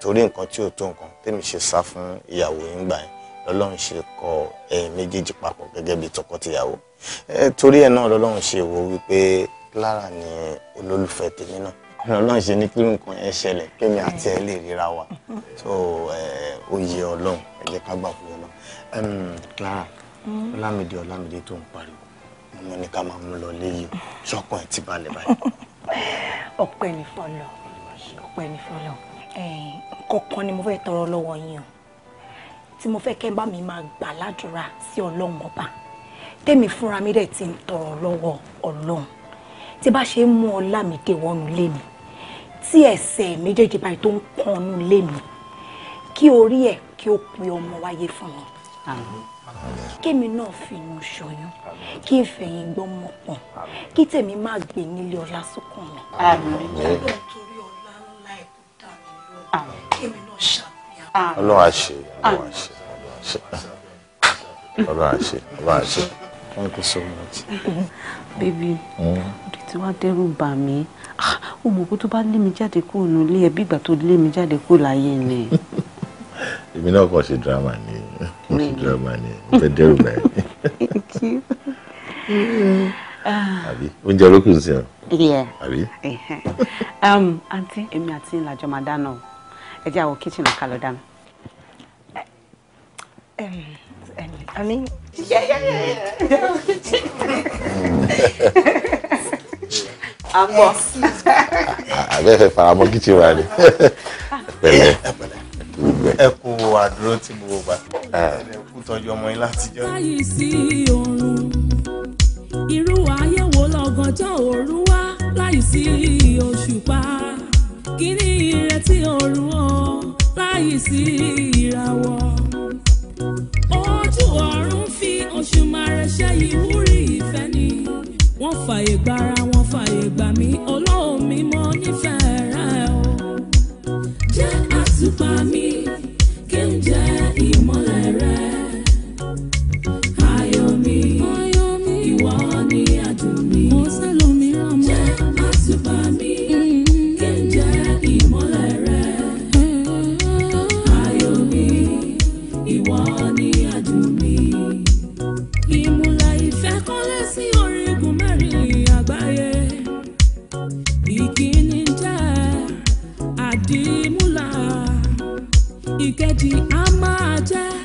torí nǹkan tí ò tó nǹkan tèmi ṣe sá fún ìyàwó yín gbà yẹn lọ́lọ́run ṣe kọ ẹ̀yin méjèèjì papọ̀ gẹ́gẹ́ bí tọkọtìyàwó eh, torí ẹ̀ náà lọ́lọ́run ṣe wò wípé Clara ni olólùfẹ́ tèmi náà ọlọ́run ṣe ní pírù nǹkan yẹn ṣẹlẹ̀ kémi àti ẹ lè ríra wa so ó yẹ ọlọ́run ẹ jẹ́ ká gbà fún ọlọ́run Clara Ọlámídé hmm? Ọlámídé tó ń pariwo mo mọ ní ká máa mú lọ léyìí ṣọkàn ẹ ti balẹ̀ báyìí. ọpẹ́ ní fọlọ ọpẹ́ ní fọlọ kọ̀ọ̀kan ni mo fẹ́ tọrọ lọ́wọ́ yín o tí mo fẹ́ kẹ́ bá mi máa gbà ládùúrà sí ọlọ́run ọba tẹ́mi fúnra mi dẹ̀ ti ń tọrọ lọ́wọ́ ọlọ́run tí bá ṣe ń mú Ọlámídé wọnú lé mi tí ẹsẹ̀ méjèèjì báyìí tó ń kànnú lé mi kí orí ẹ̀ kí ó pe ọmọ wáyé fún mi. kémi náà fi inú ṣọyún kí n fẹ̀yìn gbọ́ mọ̀ pọ̀n kí tèmi má gbé nílé ọlá sókàn mi. ọlọ́run àṣẹ ọlọ́run àṣẹ ọlọ́run àṣẹ ọlọ́run àṣẹ thank you so much. bébí òde tí wàá dẹ́rù bà mí ó ah, mọ̀ pé tó bá lé mi jáde kúrò nílé ẹ bí ìgbà tó lé mi jáde kúrò láyé ni. èmi náà kàn ṣe drama ni mo ṣe drama ni mo fẹ́ dẹ́rù bà yín. Ah. àbí oúnjẹ ló kù sí ọ. àbí. Um, àǹtí èmi àti ìlàjọ máa dáná o ẹ jẹ́ àwọn kíchìnì ká lọ dáná. Um, I mean Yeah, yeah, yeah, yeah. I'm off. Abẹ́fẹ́ faramọ́ kìtì wa ni. Pẹ̀lẹ́. Ẹ kú àdúró tí mo gbà. Ah. Ẹ kú tọ́jú ọmọ yín látijọ́. Báyìí sí oorun, irú ayé wo lọ́gànjọ́ òru wá láì sí òṣùpá. Kí ni ìrètí òru o láì sí ìràwọ̀? ojú ọ̀run fi oṣù máa rẹṣẹ́ yìí wúrí ìfẹ́ ni wọ́n fàyè gbára wọ́n fàyè gbà mí olóhùn mi mo nífẹ̀ẹ́ rẹ̀ o jẹ́ àtùpà mi. ìkejì á máa jẹ́.